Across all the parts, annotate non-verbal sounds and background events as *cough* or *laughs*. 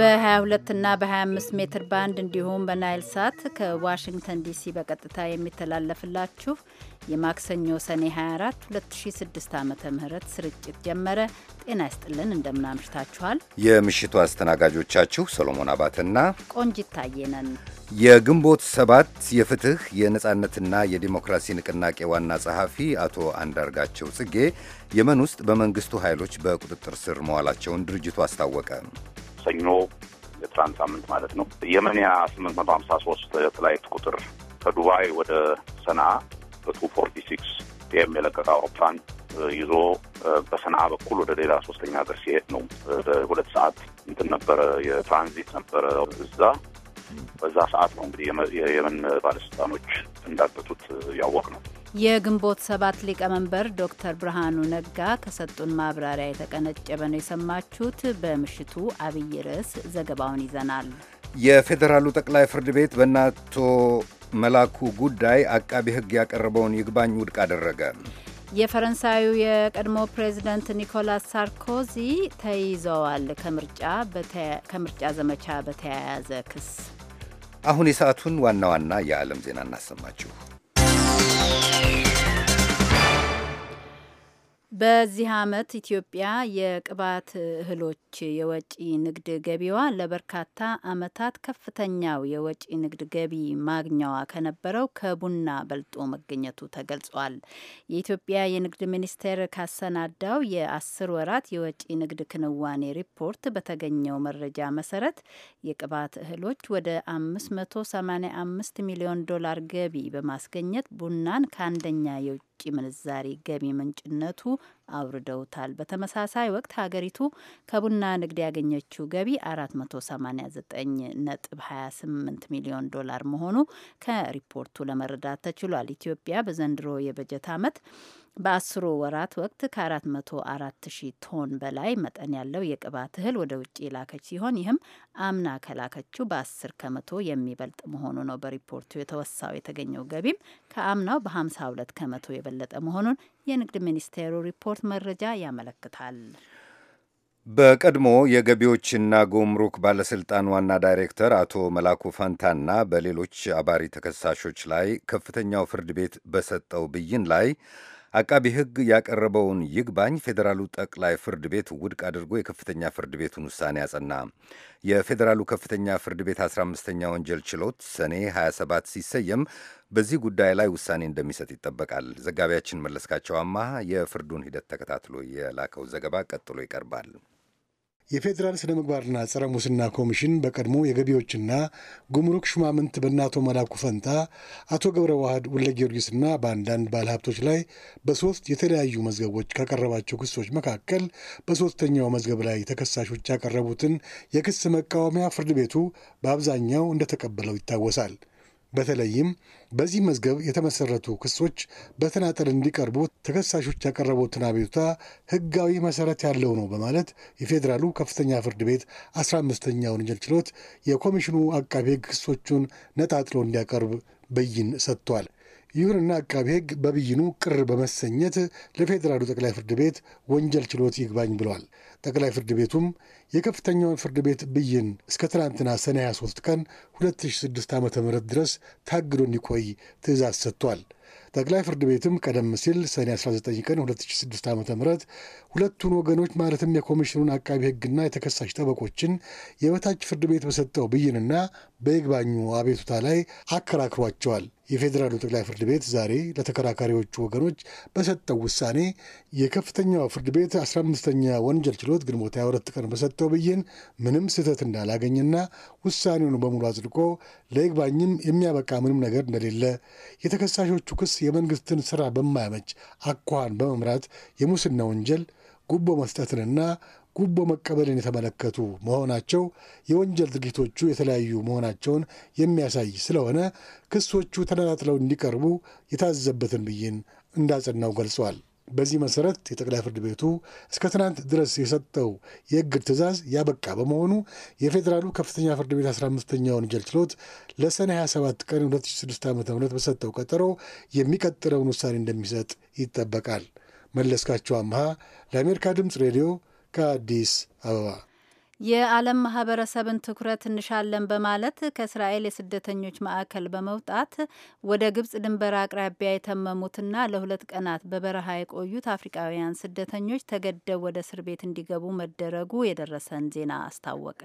በ22 እና በ25 ሜትር ባንድ እንዲሁም በናይል ሳት ከዋሽንግተን ዲሲ በቀጥታ የሚተላለፍላችሁ የማክሰኞ ሰኔ 24 2006 ዓ ም ስርጭት ጀመረ። ጤና ይስጥልን፣ እንደምናምሽታችኋል። የምሽቱ አስተናጋጆቻችሁ ሰሎሞን አባተና ቆንጂት ታየ የግንቦት ሰባት የፍትህ የነጻነትና የዲሞክራሲ ንቅናቄ ዋና ጸሐፊ አቶ አንዳርጋቸው ጽጌ የመን ውስጥ በመንግስቱ ኃይሎች በቁጥጥር ስር መዋላቸውን ድርጅቱ አስታወቀ። ሰኞ የትራንት ሳምንት ማለት ነው የመንያ ሶስት ፍላይት ቁጥር ከዱባይ ወደ ሰንአ በቱ ፎርቲ ሲክስ ፒኤም የለቀቀ አውሮፕላን ይዞ በሰንአ በኩል ወደ ሌላ ሶስተኛ ሀገር ሲሄድ ነው። ሁለት ሰዓት እንትን ነበረ፣ የትራንዚት ነበረ እዛ በዛ ሰዓት ነው እንግዲህ የየመን ባለስልጣኖች እንዳገቱት ያወቅ ነው። የግንቦት ሰባት ሊቀመንበር ዶክተር ብርሃኑ ነጋ ከሰጡን ማብራሪያ የተቀነጨበ ነው የሰማችሁት። በምሽቱ አብይ ርዕስ ዘገባውን ይዘናል። የፌዴራሉ ጠቅላይ ፍርድ ቤት በእነ አቶ መላኩ ጉዳይ አቃቢ ሕግ ያቀረበውን ይግባኝ ውድቅ አደረገ። የፈረንሳዩ የቀድሞ ፕሬዚደንት ኒኮላስ ሳርኮዚ ተይዘዋል ከምርጫ ከምርጫ ዘመቻ በተያያዘ ክስ አሁን የሰዓቱን ዋና ዋና የዓለም ዜና እናሰማችሁ። በዚህ ዓመት ኢትዮጵያ የቅባት እህሎች የወጪ ንግድ ገቢዋ ለበርካታ ዓመታት ከፍተኛው የወጪ ንግድ ገቢ ማግኛዋ ከነበረው ከቡና በልጦ መገኘቱ ተገልጿል። የኢትዮጵያ የንግድ ሚኒስቴር ካሰናዳው የአስር ወራት የወጪ ንግድ ክንዋኔ ሪፖርት በተገኘው መረጃ መሰረት የቅባት እህሎች ወደ 585 ሚሊዮን ዶላር ገቢ በማስገኘት ቡናን ከአንደኛ የውጭ የውጭ ምንዛሪ ገቢ ምንጭነቱ አውርደውታል። በተመሳሳይ ወቅት ሀገሪቱ ከቡና ንግድ ያገኘችው ገቢ 489.28 ሚሊዮን ዶላር መሆኑ ከሪፖርቱ ለመረዳት ተችሏል። ኢትዮጵያ በዘንድሮ የበጀት ዓመት በአስሩ ወራት ወቅት ከ አራት ሺ ቶን በላይ መጠን ያለው የቅባት እህል ወደ ውጭ የላከች ሲሆን ይህም አምና ከላከችው በ10 ከመቶ የሚበልጥ መሆኑ ነው። በሪፖርቱ የተወሳው የተገኘው ገቢም ከአምናው በ52 ከመቶ የበለጠ መሆኑን የንግድ ሚኒስቴሩ ሪፖርት መረጃ ያመለክታል። በቀድሞ የገቢዎችና ጉምሩክ ባለሥልጣን ዋና ዳይሬክተር አቶ መላኩ ፈንታና በሌሎች አባሪ ተከሳሾች ላይ ከፍተኛው ፍርድ ቤት በሰጠው ብይን ላይ አቃቢ ሕግ ያቀረበውን ይግባኝ ፌዴራሉ ጠቅላይ ፍርድ ቤት ውድቅ አድርጎ የከፍተኛ ፍርድ ቤቱን ውሳኔ አጸና። የፌዴራሉ ከፍተኛ ፍርድ ቤት 15ኛ ወንጀል ችሎት ሰኔ 27 ሲሰየም በዚህ ጉዳይ ላይ ውሳኔ እንደሚሰጥ ይጠበቃል። ዘጋቢያችን መለስካቸው አማሃ የፍርዱን ሂደት ተከታትሎ የላከው ዘገባ ቀጥሎ ይቀርባል። የፌዴራል ስነ ምግባርና ጸረ ሙስና ኮሚሽን በቀድሞ የገቢዎችና ጉምሩክ ሹማምንት በእነ አቶ መላኩ ፈንታ፣ አቶ ገብረ ዋህድ ጊዮርጊስ ጊዮርጊስና በአንዳንድ ባለሀብቶች ላይ በሶስት የተለያዩ መዝገቦች ካቀረባቸው ክሶች መካከል በሶስተኛው መዝገብ ላይ ተከሳሾች ያቀረቡትን የክስ መቃወሚያ ፍርድ ቤቱ በአብዛኛው እንደተቀበለው ይታወሳል። በተለይም በዚህ መዝገብ የተመሰረቱ ክሶች በተናጠል እንዲቀርቡ ተከሳሾች ያቀረቡትን አቤቱታ ሕጋዊ መሰረት ያለው ነው በማለት የፌዴራሉ ከፍተኛ ፍርድ ቤት አስራ አምስተኛ ወንጀል ችሎት የኮሚሽኑ አቃቤ ሕግ ክሶቹን ነጣጥሎ እንዲያቀርብ ብይን ሰጥቷል። ይሁንና አቃቤ ሕግ በብይኑ ቅር በመሰኘት ለፌዴራሉ ጠቅላይ ፍርድ ቤት ወንጀል ችሎት ይግባኝ ብሏል። ጠቅላይ ፍርድ ቤቱም የከፍተኛውን ፍርድ ቤት ብይን እስከ ትናንትና ሰኔ 23 ቀን 2006 ዓ ም ድረስ ታግዶ እንዲቆይ ትእዛዝ ሰጥቷል። ጠቅላይ ፍርድ ቤትም ቀደም ሲል ሰኔ 19 ቀን 2006 ዓ ም ሁለቱን ወገኖች ማለትም የኮሚሽኑን አቃቢ ሕግና የተከሳሽ ጠበቆችን የበታች ፍርድ ቤት በሰጠው ብይንና በይግባኙ አቤቱታ ላይ አከራክሯቸዋል። የፌዴራሉ ጠቅላይ ፍርድ ቤት ዛሬ ለተከራካሪዎቹ ወገኖች በሰጠው ውሳኔ የከፍተኛው ፍርድ ቤት 15ኛ ወንጀል ችሎት ግንቦት 22 ቀን በሰጠው ብይን ምንም ስህተት እንዳላገኝና ውሳኔውን በሙሉ አጽድቆ ለይግባኝም የሚያበቃ ምንም ነገር እንደሌለ የተከሳሾቹ ክስ የመንግስትን ስራ በማያመች አኳኋን በመምራት የሙስና ወንጀል ጉቦ መስጠትንና ጉቦ መቀበልን የተመለከቱ መሆናቸው የወንጀል ድርጊቶቹ የተለያዩ መሆናቸውን የሚያሳይ ስለሆነ ክሶቹ ተነጣጥለው እንዲቀርቡ የታዘበትን ብይን እንዳጸናው ገልጿል። በዚህ መሰረት የጠቅላይ ፍርድ ቤቱ እስከ ትናንት ድረስ የሰጠው የእግድ ትዕዛዝ ያበቃ በመሆኑ የፌዴራሉ ከፍተኛ ፍርድ ቤት 15ኛ ወንጀል ችሎት ለሰኔ 27 ቀን 2006 ዓ ም በሰጠው ቀጠሮ የሚቀጥለውን ውሳኔ እንደሚሰጥ ይጠበቃል። መለስካቸው አምሃ ለአሜሪካ ድምፅ ሬዲዮ Cadiz, Allah. የዓለም ማህበረሰብን ትኩረት እንሻለን በማለት ከእስራኤል የስደተኞች ማዕከል በመውጣት ወደ ግብጽ ድንበር አቅራቢያ የተመሙትና ለሁለት ቀናት በበረሃ የቆዩት አፍሪካውያን ስደተኞች ተገደው ወደ እስር ቤት እንዲገቡ መደረጉ የደረሰን ዜና አስታወቀ።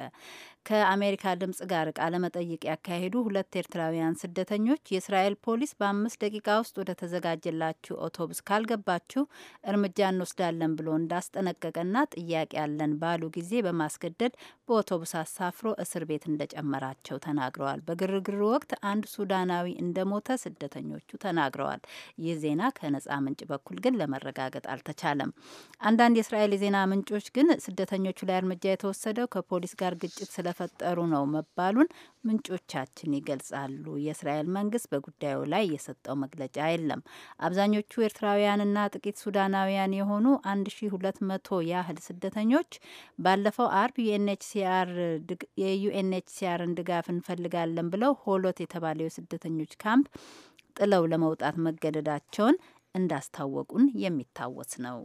ከአሜሪካ ድምጽ ጋር ቃለመጠይቅ ያካሄዱ ሁለት ኤርትራውያን ስደተኞች የእስራኤል ፖሊስ በአምስት ደቂቃ ውስጥ ወደ ተዘጋጀላችሁ አውቶቡስ ካልገባችሁ እርምጃ እንወስዳለን ብሎ እንዳስጠነቀቀና ጥያቄ አለን ባሉ ጊዜ በማስገደ affected በአውቶቡስ አሳፍሮ እስር ቤት እንደጨመራቸው ተናግረዋል። በግርግሩ ወቅት አንድ ሱዳናዊ እንደሞተ ስደተኞቹ ተናግረዋል። ይህ ዜና ከነጻ ምንጭ በኩል ግን ለመረጋገጥ አልተቻለም። አንዳንድ የእስራኤል የዜና ምንጮች ግን ስደተኞቹ ላይ እርምጃ የተወሰደው ከፖሊስ ጋር ግጭት ስለፈጠሩ ነው መባሉን ምንጮቻችን ይገልጻሉ። የእስራኤል መንግስት በጉዳዩ ላይ የሰጠው መግለጫ የለም። አብዛኞቹ ኤርትራውያንና ጥቂት ሱዳናውያን የሆኑ 1200 ያህል ስደተኞች ባለፈው አርብ ዩኤንኤችሲ ዩኤንኤችሲአር የዩኤንኤችሲአርን ድጋፍ እንፈልጋለን ብለው ሆሎት የተባለው የስደተኞች ካምፕ ጥለው ለመውጣት መገደዳቸውን እንዳስታወቁን የሚታወስ ነው።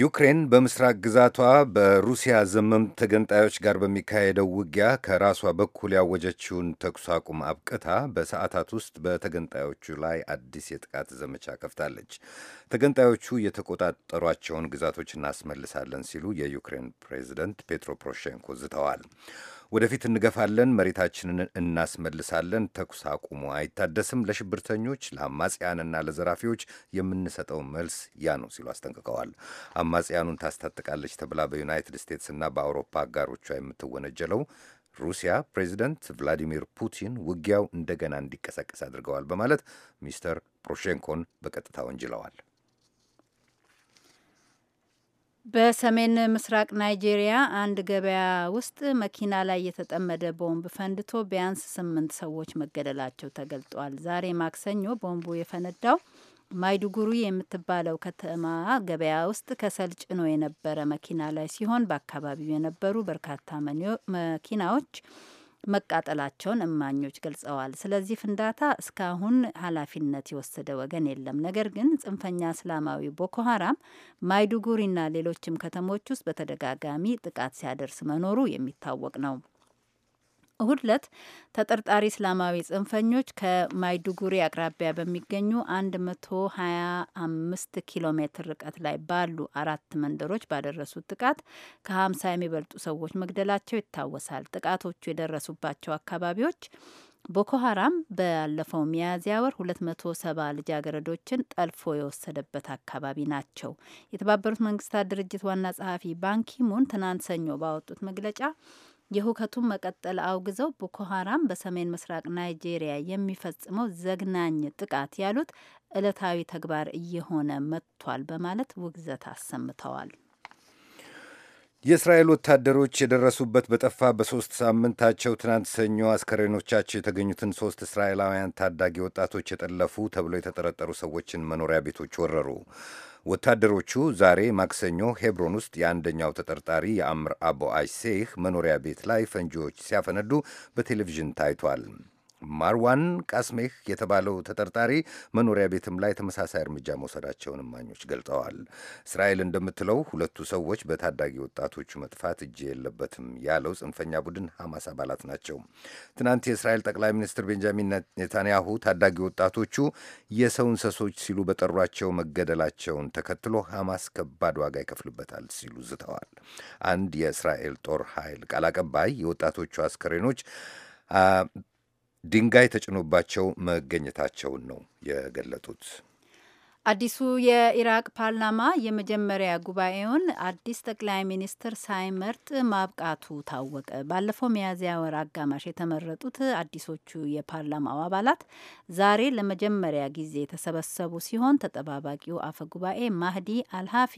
ዩክሬን በምስራቅ ግዛቷ በሩሲያ ዘመም ተገንጣዮች ጋር በሚካሄደው ውጊያ ከራሷ በኩል ያወጀችውን ተኩስ አቁም አብቅታ በሰዓታት ውስጥ በተገንጣዮቹ ላይ አዲስ የጥቃት ዘመቻ ከፍታለች። ተገንጣዮቹ የተቆጣጠሯቸውን ግዛቶች እናስመልሳለን ሲሉ የዩክሬን ፕሬዚደንት ፔትሮ ፖሮሼንኮ ዝተዋል። ወደፊት እንገፋለን፣ መሬታችንን እናስመልሳለን፣ ተኩስ አቁሙ አይታደስም፣ ለሽብርተኞች ለአማጽያንና ለዘራፊዎች የምንሰጠው መልስ ያ ነው ሲሉ አስጠንቅቀዋል። አማጽያኑን ታስታጥቃለች ተብላ በዩናይትድ ስቴትስና በአውሮፓ አጋሮቿ የምትወነጀለው ሩሲያ ፕሬዚደንት ቭላዲሚር ፑቲን ውጊያው እንደገና እንዲቀሰቀስ አድርገዋል በማለት ሚስተር ፖሮሼንኮን በቀጥታ ወንጅለዋል። በሰሜን ምስራቅ ናይጄሪያ አንድ ገበያ ውስጥ መኪና ላይ የተጠመደ ቦምብ ፈንድቶ ቢያንስ ስምንት ሰዎች መገደላቸው ተገልጧል። ዛሬ ማክሰኞ ቦምቡ የፈነዳው ማይዱጉሩ የምትባለው ከተማ ገበያ ውስጥ ከሰል ጭኖ የነበረ መኪና ላይ ሲሆን በአካባቢው የነበሩ በርካታ መኪናዎች መቃጠላቸውን እማኞች ገልጸዋል። ስለዚህ ፍንዳታ እስካሁን ኃላፊነት የወሰደ ወገን የለም። ነገር ግን ጽንፈኛ እስላማዊ ቦኮ ሀራም ማይዱጉሪና ሌሎችም ከተሞች ውስጥ በተደጋጋሚ ጥቃት ሲያደርስ መኖሩ የሚታወቅ ነው። እሁድ ተጠርጣሪ እስላማዊ ጽንፈኞች ከማይዱጉሪ አቅራቢያ በሚገኙ 125 ኪሎ ሜትር ርቀት ላይ ባሉ አራት መንደሮች ባደረሱት ጥቃት ከ50 የሚበልጡ ሰዎች መግደላቸው ይታወሳል። ጥቃቶቹ የደረሱባቸው አካባቢዎች ቦኮ ሀራም ባለፈው ሚያዝያ ወር 270 ልጃገረዶችን ጠልፎ የወሰደበት አካባቢ ናቸው። የተባበሩት መንግስታት ድርጅት ዋና ጸሐፊ ባንኪሙን ትናንት ሰኞ ባወጡት መግለጫ የሁከቱን መቀጠል አውግዘው ቦኮ ሀራም በሰሜን ምስራቅ ናይጄሪያ የሚፈጽመው ዘግናኝ ጥቃት ያሉት እለታዊ ተግባር እየሆነ መጥቷል በማለት ውግዘት አሰምተዋል። የእስራኤል ወታደሮች የደረሱበት በጠፋ በሦስት ሳምንታቸው ትናንት ሰኞ አስከሬኖቻቸው የተገኙትን ሦስት እስራኤላውያን ታዳጊ ወጣቶች የጠለፉ ተብለው የተጠረጠሩ ሰዎችን መኖሪያ ቤቶች ወረሩ። ወታደሮቹ ዛሬ ማክሰኞ ሄብሮን ውስጥ የአንደኛው ተጠርጣሪ የአምር አቦ አይሴህ መኖሪያ ቤት ላይ ፈንጂዎች ሲያፈነዱ በቴሌቪዥን ታይቷል። ማርዋን ቃስሜህ የተባለው ተጠርጣሪ መኖሪያ ቤትም ላይ ተመሳሳይ እርምጃ መውሰዳቸውን እማኞች ገልጸዋል። እስራኤል እንደምትለው ሁለቱ ሰዎች በታዳጊ ወጣቶቹ መጥፋት እጅ የለበትም ያለው ጽንፈኛ ቡድን ሐማስ አባላት ናቸው። ትናንት የእስራኤል ጠቅላይ ሚኒስትር ቤንጃሚን ኔታንያሁ ታዳጊ ወጣቶቹ የሰው እንሰሶች ሲሉ በጠሯቸው መገደላቸውን ተከትሎ ሐማስ ከባድ ዋጋ ይከፍልበታል ሲሉ ዝተዋል። አንድ የእስራኤል ጦር ኃይል ቃል አቀባይ የወጣቶቹ አስከሬኖች ድንጋይ ተጭኖባቸው መገኘታቸውን ነው የገለጡት። አዲሱ የኢራቅ ፓርላማ የመጀመሪያ ጉባኤውን አዲስ ጠቅላይ ሚኒስትር ሳይመርጥ ማብቃቱ ታወቀ። ባለፈው ሚያዝያ ወር አጋማሽ የተመረጡት አዲሶቹ የፓርላማው አባላት ዛሬ ለመጀመሪያ ጊዜ የተሰበሰቡ ሲሆን ተጠባባቂው አፈ ጉባኤ ማህዲ አልሃፊ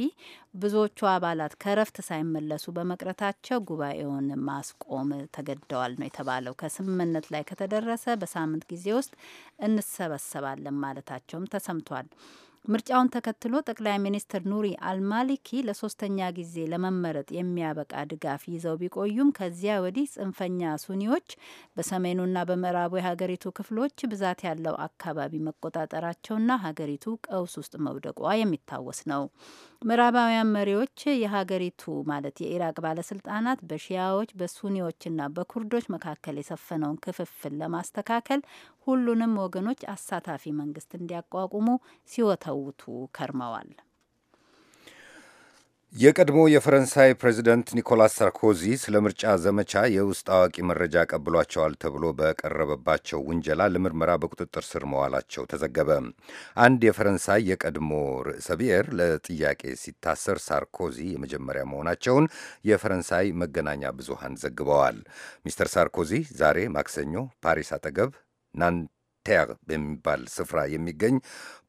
ብዙዎቹ አባላት ከረፍት ሳይመለሱ በመቅረታቸው ጉባኤውን ማስቆም ተገደዋል ነው የተባለው። ከስምምነት ላይ ከተደረሰ በሳምንት ጊዜ ውስጥ እንሰበሰባለን ማለታቸውም ተሰምቷል። ምርጫውን ተከትሎ ጠቅላይ ሚኒስትር ኑሪ አልማሊኪ ለሶስተኛ ጊዜ ለመመረጥ የሚያበቃ ድጋፍ ይዘው ቢቆዩም ከዚያ ወዲህ ጽንፈኛ ሱኒዎች በሰሜኑና በምዕራቡ የሀገሪቱ ክፍሎች ብዛት ያለው አካባቢ መቆጣጠራቸውና ሀገሪቱ ቀውስ ውስጥ መውደቋ የሚታወስ ነው። ምዕራባውያን መሪዎች የሀገሪቱ ማለት የኢራቅ ባለስልጣናት በሺያዎች በሱኒዎችና በኩርዶች መካከል የሰፈነውን ክፍፍል ለማስተካከል ሁሉንም ወገኖች አሳታፊ መንግስት እንዲያቋቁሙ ሲወተውቱ ከርመዋል። የቀድሞ የፈረንሳይ ፕሬዚደንት ኒኮላስ ሳርኮዚ ስለ ምርጫ ዘመቻ የውስጥ አዋቂ መረጃ ቀብሏቸዋል ተብሎ በቀረበባቸው ውንጀላ ለምርመራ በቁጥጥር ስር መዋላቸው ተዘገበ። አንድ የፈረንሳይ የቀድሞ ርዕሰ ብሔር ለጥያቄ ሲታሰር ሳርኮዚ የመጀመሪያ መሆናቸውን የፈረንሳይ መገናኛ ብዙሃን ዘግበዋል። ሚስተር ሳርኮዚ ዛሬ ማክሰኞ ፓሪስ አጠገብ ናንት ቴር በሚባል ስፍራ የሚገኝ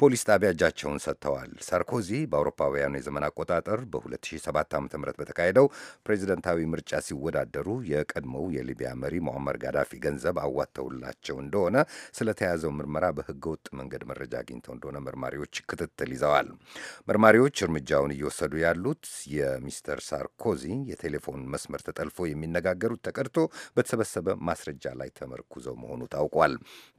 ፖሊስ ጣቢያ እጃቸውን ሰጥተዋል። ሳርኮዚ በአውሮፓውያኑ የዘመን አቆጣጠር በ2007 ዓ ም በተካሄደው ፕሬዚደንታዊ ምርጫ ሲወዳደሩ የቀድሞው የሊቢያ መሪ ሞአመር ጋዳፊ ገንዘብ አዋተውላቸው እንደሆነ ስለተያዘው ምርመራ በህገወጥ ወጥ መንገድ መረጃ አግኝተው እንደሆነ መርማሪዎች ክትትል ይዘዋል። መርማሪዎች እርምጃውን እየወሰዱ ያሉት የሚስተር ሳርኮዚ የቴሌፎን መስመር ተጠልፎ የሚነጋገሩት ተቀድቶ በተሰበሰበ ማስረጃ ላይ ተመርኩዘው መሆኑ ታውቋል።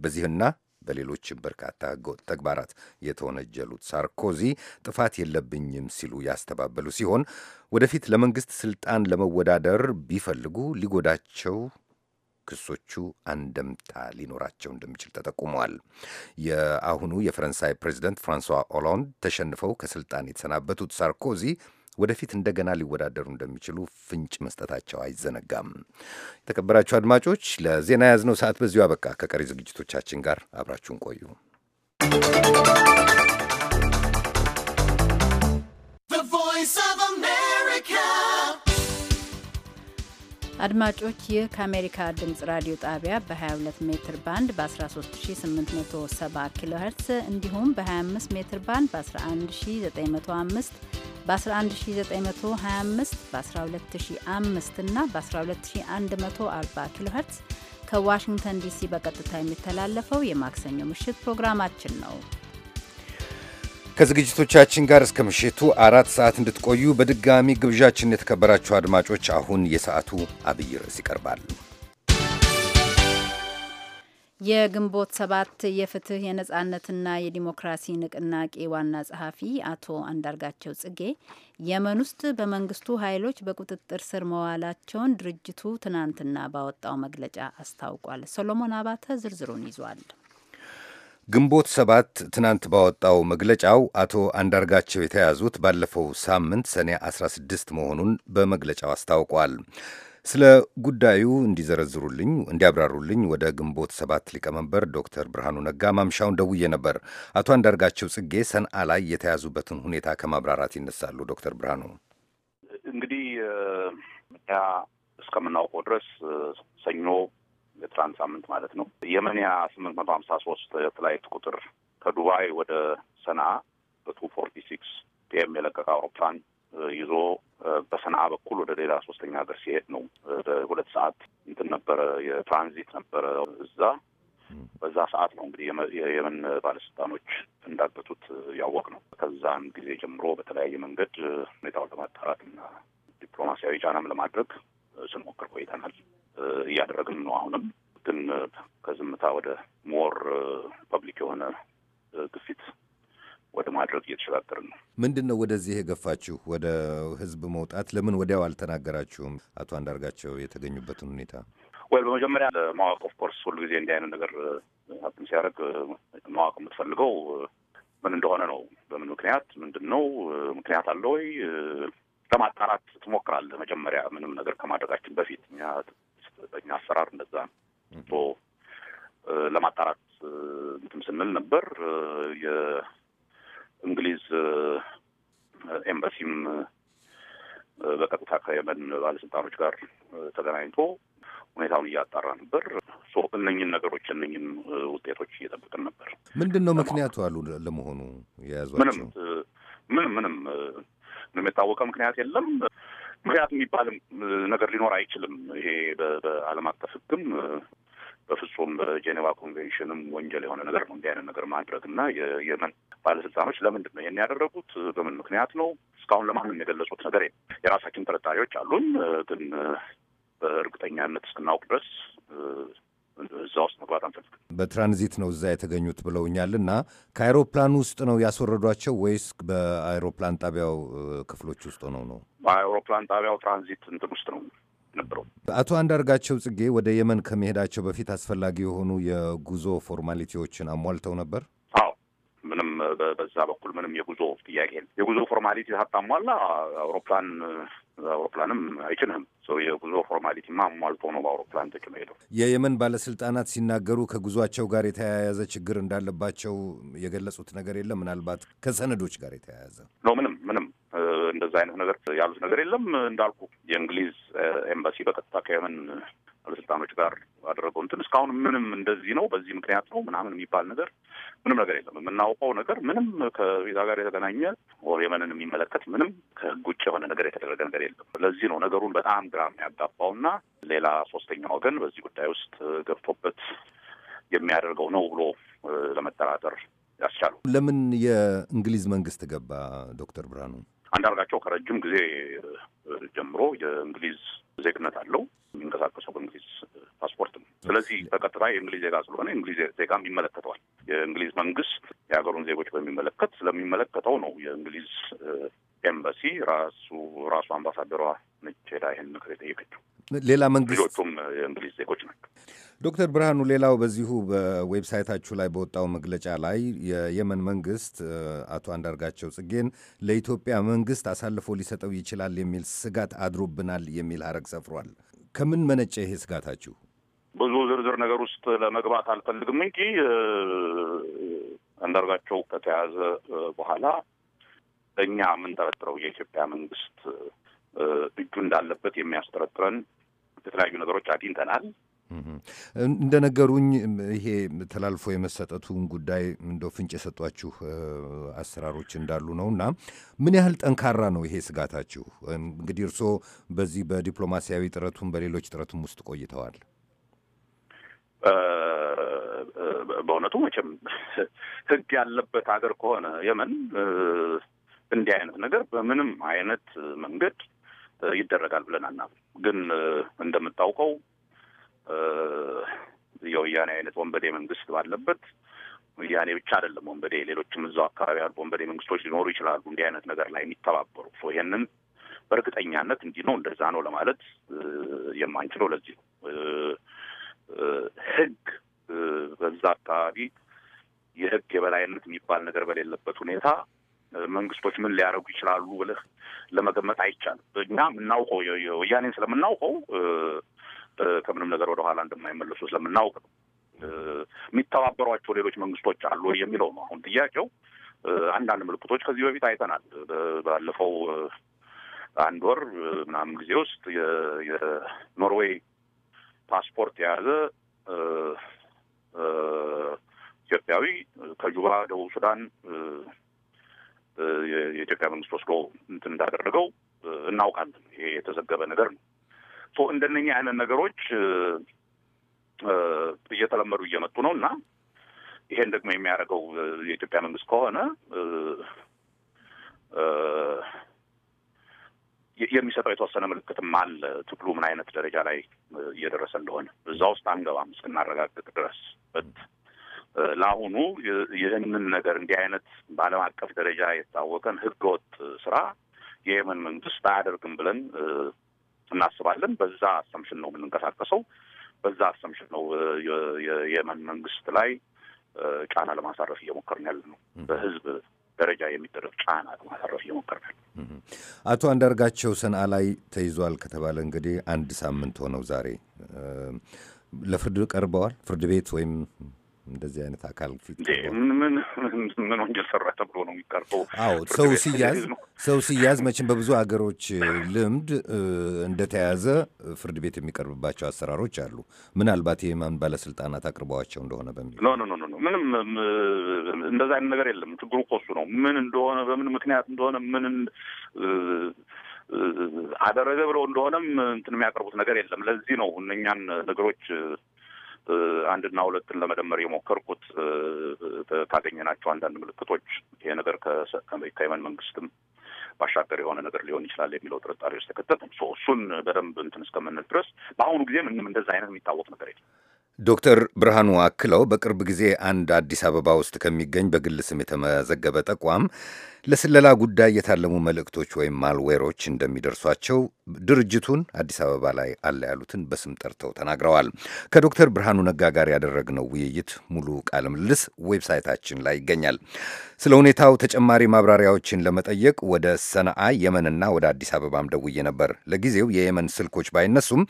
በዚህና በሌሎችም በርካታ ህገወጥ ተግባራት የተወነጀሉት ሳርኮዚ ጥፋት የለብኝም ሲሉ ያስተባበሉ ሲሆን ወደፊት ለመንግስት ስልጣን ለመወዳደር ቢፈልጉ ሊጎዳቸው ክሶቹ አንደምታ ሊኖራቸው እንደሚችል ተጠቁመዋል። የአሁኑ የፈረንሳይ ፕሬዚደንት ፍራንሷ ኦላንድ ተሸንፈው ከስልጣን የተሰናበቱት ሳርኮዚ ወደፊት እንደገና ሊወዳደሩ እንደሚችሉ ፍንጭ መስጠታቸው አይዘነጋም። የተከበራችሁ አድማጮች፣ ለዜና የያዝነው ሰዓት በዚሁ አበቃ። ከቀሪ ዝግጅቶቻችን ጋር አብራችሁን ቆዩ። አድማጮች ይህ ከአሜሪካ ድምጽ ራዲዮ ጣቢያ በ22 ሜትር ባንድ በ13870 ኪሎ ሄርትስ እንዲሁም በ25 ሜትር ባንድ በ11905 በ11925 በ12005 እና በ12140 ኪሎ ሄርትስ ከዋሽንግተን ዲሲ በቀጥታ የሚተላለፈው የማክሰኞ ምሽት ፕሮግራማችን ነው። ከዝግጅቶቻችን ጋር እስከ ምሽቱ አራት ሰዓት እንድትቆዩ በድጋሚ ግብዣችን የተከበራችሁ አድማጮች፣ አሁን የሰዓቱ አብይ ርዕስ ይቀርባል። የግንቦት ሰባት የፍትህ የነጻነትና የዲሞክራሲ ንቅናቄ ዋና ጸሐፊ አቶ አንዳርጋቸው ጽጌ የመን ውስጥ በመንግስቱ ኃይሎች በቁጥጥር ስር መዋላቸውን ድርጅቱ ትናንትና ባወጣው መግለጫ አስታውቋል። ሰሎሞን አባተ ዝርዝሩን ይዟል። ግንቦት ሰባት ትናንት ባወጣው መግለጫው አቶ አንዳርጋቸው የተያዙት ባለፈው ሳምንት ሰኔ 16 መሆኑን በመግለጫው አስታውቋል። ስለ ጉዳዩ እንዲዘረዝሩልኝ እንዲያብራሩልኝ ወደ ግንቦት ሰባት ሊቀመንበር ዶክተር ብርሃኑ ነጋ ማምሻውን ደውዬ ነበር። አቶ አንዳርጋቸው ጽጌ ሰንአ ላይ የተያዙበትን ሁኔታ ከማብራራት ይነሳሉ። ዶክተር ብርሃኑ እንግዲህ እስከምናውቀው ድረስ ሰኞ የትራንት ሳምንት ማለት ነው። የመንያ ስምንት መቶ ሀምሳ ሶስት ፍላይት ቁጥር ከዱባይ ወደ ሰንአ በቱ ፎርቲ ሲክስ ፒኤም የለቀቀ አውሮፕላን ይዞ በሰንአ በኩል ወደ ሌላ ሶስተኛ ሀገር ሲሄድ ነው። ሁለት ሰዓት እንትን ነበረ፣ የትራንዚት ነበረ እዛ። በዛ ሰዓት ነው እንግዲህ የየመን ባለስልጣኖች እንዳገቱት ያወቅ ነው። ከዛን ጊዜ ጀምሮ በተለያየ መንገድ ሁኔታውን ለማጣራትና ዲፕሎማሲያዊ ጫናም ለማድረግ ስንሞክር ቆይተናል። እያደረግን ነው። አሁንም ግን ከዝምታ ወደ ሞር ፐብሊክ የሆነ ግፊት ወደ ማድረግ እየተሸጋገርን ነው። ምንድን ነው ወደዚህ የገፋችሁ ወደ ህዝብ መውጣት? ለምን ወዲያው አልተናገራችሁም? አቶ አንዳርጋቸው የተገኙበትን ሁኔታ ወይ በመጀመሪያ ማወቅ ኦፍኮርስ፣ ሁሉ ጊዜ እንዲህ አይነት ነገር ሀብትም ሲያደርግ ማወቅ የምትፈልገው ምን እንደሆነ ነው። በምን ምክንያት ምንድን ነው ምክንያት አለ ወይ ለማጣራት ትሞክራለህ መጀመሪያ ምንም ነገር ከማድረጋችን በፊት እኛ በእኛ አሰራር እንደዛ ነው። ለማጣራት እንትን ስንል ነበር። የእንግሊዝ ኤምባሲም በቀጥታ ከየመን ባለስልጣኖች ጋር ተገናኝቶ ሁኔታውን እያጣራ ነበር። እነኝን ነገሮች እነኝን ውጤቶች እየጠበቅን ነበር። ምንድን ነው ምክንያቱ አሉ ለመሆኑ የያዟቸው ምንም ምንም ምንም የታወቀ ምክንያት የለም። ምክንያት የሚባልም ነገር ሊኖር አይችልም። ይሄ በዓለም አቀፍ ህግም በፍጹም በጄኔቫ ኮንቬንሽንም ወንጀል የሆነ ነገር ነው እንዲህ አይነት ነገር ማድረግ እና የየመን ባለስልጣኖች ለምንድን ነው ይህን ያደረጉት? በምን ምክንያት ነው? እስካሁን ለማንም የገለጹት ነገር የራሳችን ጥርጣሬዎች አሉን፣ ግን በእርግጠኛነት እስክናውቅ ድረስ እዛ ውስጥ መግባት አንፈልግም። በትራንዚት ነው እዛ የተገኙት ብለውኛል። እና ከአይሮፕላን ውስጥ ነው ያስወረዷቸው ወይስ በአይሮፕላን ጣቢያው ክፍሎች ውስጥ ነው ነው? በአይሮፕላን ጣቢያው ትራንዚት እንትን ውስጥ ነው ነበረው። አቶ አንዳርጋቸው ጽጌ ወደ የመን ከመሄዳቸው በፊት አስፈላጊ የሆኑ የጉዞ ፎርማሊቲዎችን አሟልተው ነበር። አዎ ምንም በዛ በኩል ምንም የጉዞ ጥያቄ የጉዞ ፎርማሊቲ ሳታሟላ አውሮፕላን በአውሮፕላንም አይችልም። ሰው የጉዞ ፎርማሊቲማ አሟልቶ ነው በአውሮፕላን ተጭኖ ሄደው። የየመን ባለስልጣናት ሲናገሩ ከጉዟቸው ጋር የተያያዘ ችግር እንዳለባቸው የገለጹት ነገር የለም። ምናልባት ከሰነዶች ጋር የተያያዘ ነው። ምንም ምንም እንደዛ አይነት ነገር ያሉት ነገር የለም። እንዳልኩ የእንግሊዝ ኤምባሲ በቀጥታ ከየመን ባለስልጣኖች ጋር ባደረገው እንትን እስካሁን ምንም እንደዚህ ነው በዚህ ምክንያት ነው ምናምን የሚባል ነገር ምንም ነገር የለም። የምናውቀው ነገር ምንም ከቪዛ ጋር የተገናኘ ወር የመንን የሚመለከት ምንም ከህግ ውጭ የሆነ ነገር የተደረገ ነገር የለም። ለዚህ ነው ነገሩን በጣም ግራ የሚያጋባውና ሌላ ሶስተኛ ወገን በዚህ ጉዳይ ውስጥ ገብቶበት የሚያደርገው ነው ብሎ ለመጠራጠር ያስቻሉ። ለምን የእንግሊዝ መንግስት ገባ? ዶክተር ብርሃኑ አንዳርጋቸው ከረጅም ጊዜ ጀምሮ የእንግሊዝ ዜግነት አለው። የሚንቀሳቀሰው በእንግሊዝ ፓስፖርት ነው። ስለዚህ በቀጥታ የእንግሊዝ ዜጋ ስለሆነ የእንግሊዝ ዜጋም ይመለከተዋል። የእንግሊዝ መንግስት የሀገሩን ዜጎች በሚመለከት ስለሚመለከተው ነው የእንግሊዝ ኤምባሲ ራሱ ራሱ አምባሳደሯ ነች ሄዳ ይህን ምክር የጠየቀችው። ሌላ መንግስት ልጆቹም የእንግሊዝ ዜጎች ናቸው። ዶክተር ብርሃኑ ሌላው በዚሁ በዌብሳይታችሁ ላይ በወጣው መግለጫ ላይ የየመን መንግስት አቶ አንዳርጋቸው ጽጌን ለኢትዮጵያ መንግስት አሳልፎ ሊሰጠው ይችላል የሚል ስጋት አድሮብናል የሚል ሀረግ ሰፍሯል። ከምን መነጨ ይሄ ስጋታችሁ? ብዙ ዝርዝር ነገር ውስጥ ለመግባት አልፈልግም እንጂ አንዳርጋቸው ከተያዘ በኋላ እኛ የምንጠረጥረው የኢትዮጵያ መንግስት እጁ እንዳለበት የሚያስጠረጥረን የተለያዩ ነገሮች አግኝተናል። እንደነገሩኝ ይሄ ተላልፎ የመሰጠቱን ጉዳይ እንደው ፍንጭ የሰጧችሁ አሰራሮች እንዳሉ ነው እና ምን ያህል ጠንካራ ነው ይሄ ስጋታችሁ? እንግዲህ እርስዎ በዚህ በዲፕሎማሲያዊ ጥረቱም በሌሎች ጥረቱም ውስጥ ቆይተዋል። በእውነቱ መቼም ህግ ያለበት ሀገር ከሆነ የመን እንዲህ አይነት ነገር በምንም አይነት መንገድ ይደረጋል ብለን አናም። ግን እንደምታውቀው የወያኔ አይነት ወንበዴ መንግስት ባለበት ወያኔ ብቻ አይደለም ወንበዴ፣ ሌሎችም እዛው አካባቢ ያሉ ወንበዴ መንግስቶች ሊኖሩ ይችላሉ እንዲህ አይነት ነገር ላይ የሚተባበሩ ይሄንን በእርግጠኛነት እንዲህ ነው እንደዛ ነው ለማለት የማንችለው ለዚህ ነው ህግ በዛ አካባቢ የህግ የበላይነት የሚባል ነገር በሌለበት ሁኔታ መንግስቶች ምን ሊያደርጉ ይችላሉ ብለህ ለመገመት አይቻልም። እኛ የምናውቀው ወያኔን ስለምናውቀው ከምንም ነገር ወደኋላ እንደማይመለሱ ስለምናውቅ ነው። የሚተባበሯቸው ሌሎች መንግስቶች አሉ የሚለው ነው አሁን ጥያቄው። አንዳንድ ምልክቶች ከዚህ በፊት አይተናል። ባለፈው አንድ ወር ምናምን ጊዜ ውስጥ የኖርዌይ ፓስፖርት የያዘ ኢትዮጵያዊ ከጁባ፣ ደቡብ ሱዳን የኢትዮጵያ መንግስት ወስዶ እንትን እንዳደረገው እናውቃለን። ይሄ የተዘገበ ነገር ነው። እንደነኛ አይነት ነገሮች እየተለመዱ እየመጡ ነው እና ይሄን ደግሞ የሚያደርገው የኢትዮጵያ መንግስት ከሆነ የሚሰጠው የተወሰነ ምልክትም አለ። ትግሉ ምን አይነት ደረጃ ላይ እየደረሰ እንደሆነ እዛ ውስጥ አንገባም እስክናረጋግጥ ድረስ ለአሁኑ ይህንን ነገር እንዲህ አይነት በዓለም አቀፍ ደረጃ የታወቀን ህገወጥ ስራ የየመን መንግስት አያደርግም ብለን እናስባለን። በዛ አሰምሽን ነው የምንንቀሳቀሰው። በዛ አሰምሽን ነው የየመን መንግስት ላይ ጫና ለማሳረፍ እየሞከርን ያለ ነው። በህዝብ ደረጃ የሚደረግ ጫና ለማሳረፍ እየሞከርን ያለ ነው። አቶ አንዳርጋቸው ሰንአ ላይ ተይዟል ከተባለ እንግዲህ አንድ ሳምንት ሆነው ዛሬ ለፍርድ ቀርበዋል። ፍርድ ቤት ወይም እንደዚህ አይነት አካል ፊት ምን ወንጀል ሰራ ተብሎ ነው የሚቀርበው? አዎ ሰው ሲያዝ ሰው ሲያዝ መቼም በብዙ ሀገሮች ልምድ እንደተያዘ ፍርድ ቤት የሚቀርብባቸው አሰራሮች አሉ። ምናልባት የማን ባለስልጣናት አቅርበዋቸው እንደሆነ በሚል ኖ ኖ ኖ ምንም እንደዚ አይነት ነገር የለም። ችግሩ እኮ እሱ ነው። ምን እንደሆነ በምን ምክንያት እንደሆነ ምን አደረገ ብለው እንደሆነም እንትን የሚያቀርቡት ነገር የለም። ለዚህ ነው እነኛን ነገሮች ውስጥ አንድና ሁለትን ለመደመር የሞከርኩት ካገኘናቸው አንዳንድ ምልክቶች ይሄ ነገር ከየመን መንግስትም ባሻገር የሆነ ነገር ሊሆን ይችላል የሚለው ጥርጣሬ ውስጥ ተከተተ። እሱን በደንብ እንትን እስከምንል ድረስ በአሁኑ ጊዜ ምንም እንደዛ አይነት የሚታወቅ ነገር የለም። ዶክተር ብርሃኑ አክለው በቅርብ ጊዜ አንድ አዲስ አበባ ውስጥ ከሚገኝ በግል ስም የተመዘገበ ተቋም ለስለላ ጉዳይ የታለሙ መልእክቶች ወይም ማልዌሮች እንደሚደርሷቸው ድርጅቱን አዲስ አበባ ላይ አለ ያሉትን በስም ጠርተው ተናግረዋል። ከዶክተር ብርሃኑ ነጋ ጋር ያደረግነው ውይይት ሙሉ ቃለ ምልልስ ዌብሳይታችን ላይ ይገኛል። ስለ ሁኔታው ተጨማሪ ማብራሪያዎችን ለመጠየቅ ወደ ሰነአ የመንና ወደ አዲስ አበባም ደውዬ ነበር። ለጊዜው የየመን ስልኮች ባይነሱም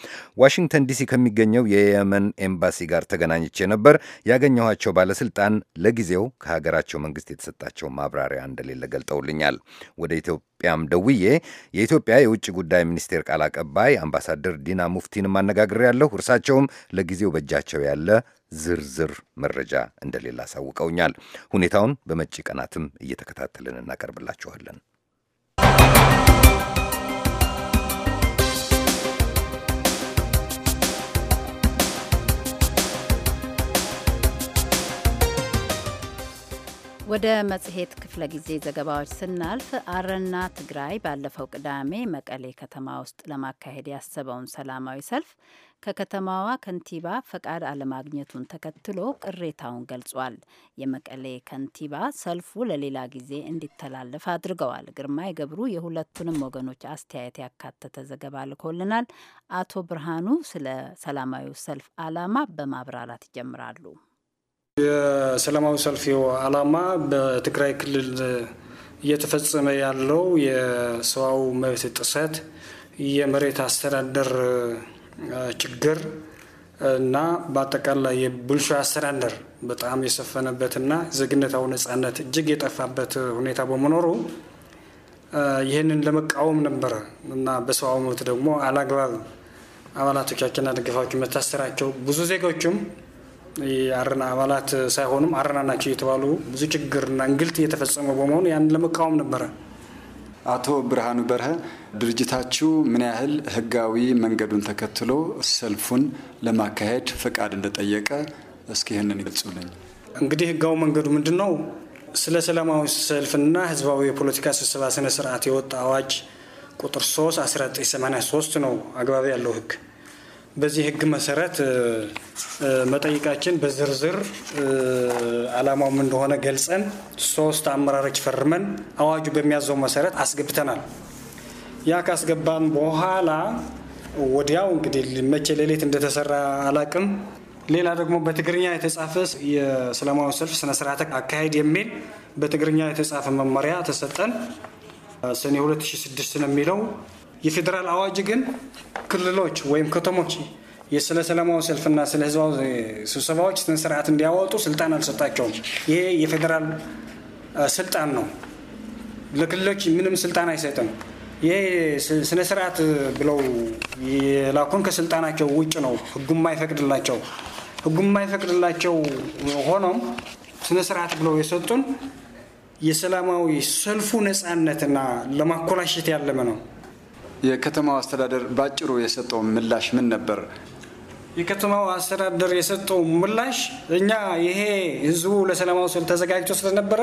ዋሽንግተን ዲሲ ከሚገኘው የየመን ኤምባሲ ኤምባሲ ጋር ተገናኝቼ ነበር። ያገኘኋቸው ባለስልጣን ለጊዜው ከሀገራቸው መንግስት የተሰጣቸው ማብራሪያ እንደሌለ ገልጠውልኛል። ወደ ኢትዮጵያም ደውዬ የኢትዮጵያ የውጭ ጉዳይ ሚኒስቴር ቃል አቀባይ አምባሳደር ዲና ሙፍቲንም አነጋግሬያለሁ። እርሳቸውም ለጊዜው በእጃቸው ያለ ዝርዝር መረጃ እንደሌለ አሳውቀውኛል። ሁኔታውን በመጪ ቀናትም እየተከታተልን እናቀርብላችኋለን። ወደ መጽሔት ክፍለ ጊዜ ዘገባዎች ስናልፍ አረና ትግራይ ባለፈው ቅዳሜ መቀሌ ከተማ ውስጥ ለማካሄድ ያሰበውን ሰላማዊ ሰልፍ ከከተማዋ ከንቲባ ፈቃድ አለማግኘቱን ተከትሎ ቅሬታውን ገልጿል። የመቀሌ ከንቲባ ሰልፉ ለሌላ ጊዜ እንዲተላለፍ አድርገዋል። ግርማይ ገብሩ የሁለቱንም ወገኖች አስተያየት ያካተተ ዘገባ ልኮልናል። አቶ ብርሃኑ ስለ ሰላማዊ ሰልፍ ዓላማ በማብራራት ይጀምራሉ። የሰላማዊ ሰልፊው አላማ በትግራይ ክልል እየተፈጸመ ያለው የሰብአዊ መብት ጥሰት፣ የመሬት አስተዳደር ችግር እና በአጠቃላይ የብልሹ አስተዳደር በጣም የሰፈነበትና ዜግነታዊ ነጻነት እጅግ የጠፋበት ሁኔታ በመኖሩ ይህንን ለመቃወም ነበረ እና በሰብአዊ መብት ደግሞ አላግባብ አባላቶቻችንና ደጋፊዎቻችን መታሰራቸው ብዙ ዜጎችም የአረና አባላት ሳይሆኑም አረና ናቸው የተባሉ ብዙ ችግርና እንግልት እየተፈጸመ በመሆኑ ያንን ለመቃወም ነበረ። አቶ ብርሃኑ በርሀ ድርጅታችሁ ምን ያህል ህጋዊ መንገዱን ተከትሎ ሰልፉን ለማካሄድ ፈቃድ እንደጠየቀ እስኪ ይህንን ይገልጹልኝ። እንግዲህ ህጋዊ መንገዱ ምንድን ነው? ስለ ሰላማዊ ሰልፍና ህዝባዊ የፖለቲካ ስብሰባ ስነ ስርዓት የወጣ አዋጅ ቁጥር 3 1983 ነው አግባቢ ያለው ህግ በዚህ ህግ መሰረት መጠይቃችን በዝርዝር አላማውም እንደሆነ ገልጸን ሶስት አመራሮች ፈርመን አዋጁ በሚያዘው መሰረት አስገብተናል። ያ ካስገባን በኋላ ወዲያው እንግዲህ መቼ ሌሊት እንደተሰራ አላቅም። ሌላ ደግሞ በትግርኛ የተጻፈ የሰላማዊ ሰልፍ ስነስርዓት አካሄድ የሚል በትግርኛ የተጻፈ መመሪያ ተሰጠን። ሰኔ 2006 ነው የሚለው የፌዴራል አዋጅ ግን ክልሎች ወይም ከተሞች ስለ ሰላማዊ ሰልፍና ስለ ህዝባዊ ስብሰባዎች ስነስርዓት እንዲያወጡ ስልጣን አልሰጣቸውም። ይሄ የፌዴራል ስልጣን ነው። ለክልሎች ምንም ስልጣን አይሰጥም። ይሄ ስነ ስርዓት ብለው የላኩን ከስልጣናቸው ውጭ ነው። ህጉ የማይፈቅድላቸው ህጉ የማይፈቅድላቸው ሆኖም ስነ ስርዓት ብለው የሰጡን የሰላማዊ ሰልፉ ነፃነትና ለማኮላሸት ያለመ ነው። የከተማው አስተዳደር ባጭሩ የሰጠው ምላሽ ምን ነበር? የከተማው አስተዳደር የሰጠው ምላሽ እኛ ይሄ ህዝቡ ለሰላማዊ ሰልፍ ተዘጋጅቶ ስለነበረ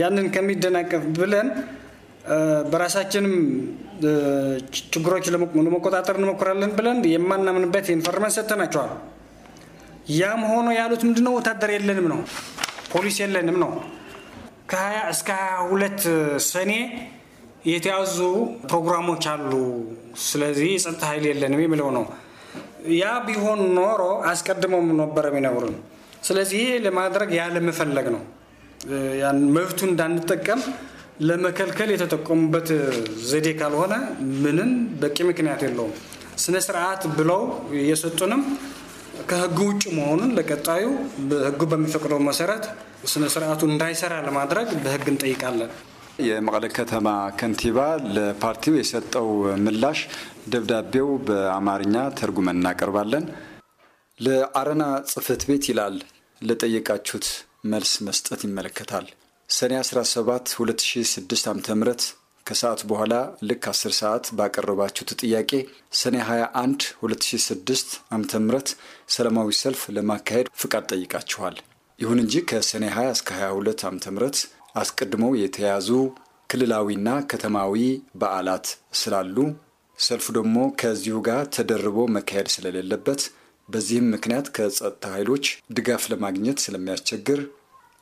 ያንን ከሚደናቀፍ ብለን በራሳችንም ችግሮች ለመቆጣጠር እንሞክራለን ብለን የማናምንበት ኢንፎርመን ሰጥተናቸዋል። ያም ሆኖ ያሉት ምንድነው? ወታደር የለንም ነው፣ ፖሊስ የለንም ነው ከሀያ እስከ እስከ 22 ሰኔ የተያዙ ፕሮግራሞች አሉ። ስለዚህ የጸጥታ ኃይል የለንም የሚለው ነው። ያ ቢሆን ኖሮ አስቀድሞም ነበረ የሚነግሩን። ስለዚህ ይሄ ለማድረግ ያለመፈለግ ነው። ያን እንዳንጠቀም ለመከልከል የተጠቀሙበት ዘዴ ካልሆነ ምንም በቂ ምክንያት የለውም። ስነ ስርዓት ብለው የሰጡንም ከህግ ውጭ መሆኑን ለቀጣዩ ህጉ በሚፈቅደው መሰረት ስነ ስርዓቱ እንዳይሰራ ለማድረግ በህግ እንጠይቃለን። የመቀለ ከተማ ከንቲባ ለፓርቲው የሰጠው ምላሽ ደብዳቤው በአማርኛ ተርጉመን እናቀርባለን። ለአረና ጽህፈት ቤት ይላል ለጠየቃችሁት መልስ መስጠት ይመለከታል። ሰኔ 17 2006 ዓ ም ከሰዓት በኋላ ልክ 10 ሰዓት ባቀረባችሁት ጥያቄ ሰኔ 21 2006 ዓ ም ሰላማዊ ሰልፍ ለማካሄድ ፍቃድ ጠይቃችኋል። ይሁን እንጂ ከሰኔ 20 እስከ 22 ዓ ም አስቀድሞ የተያዙ ክልላዊና ከተማዊ በዓላት ስላሉ ሰልፉ ደግሞ ከዚሁ ጋር ተደርቦ መካሄድ ስለሌለበት በዚህም ምክንያት ከጸጥታ ኃይሎች ድጋፍ ለማግኘት ስለሚያስቸግር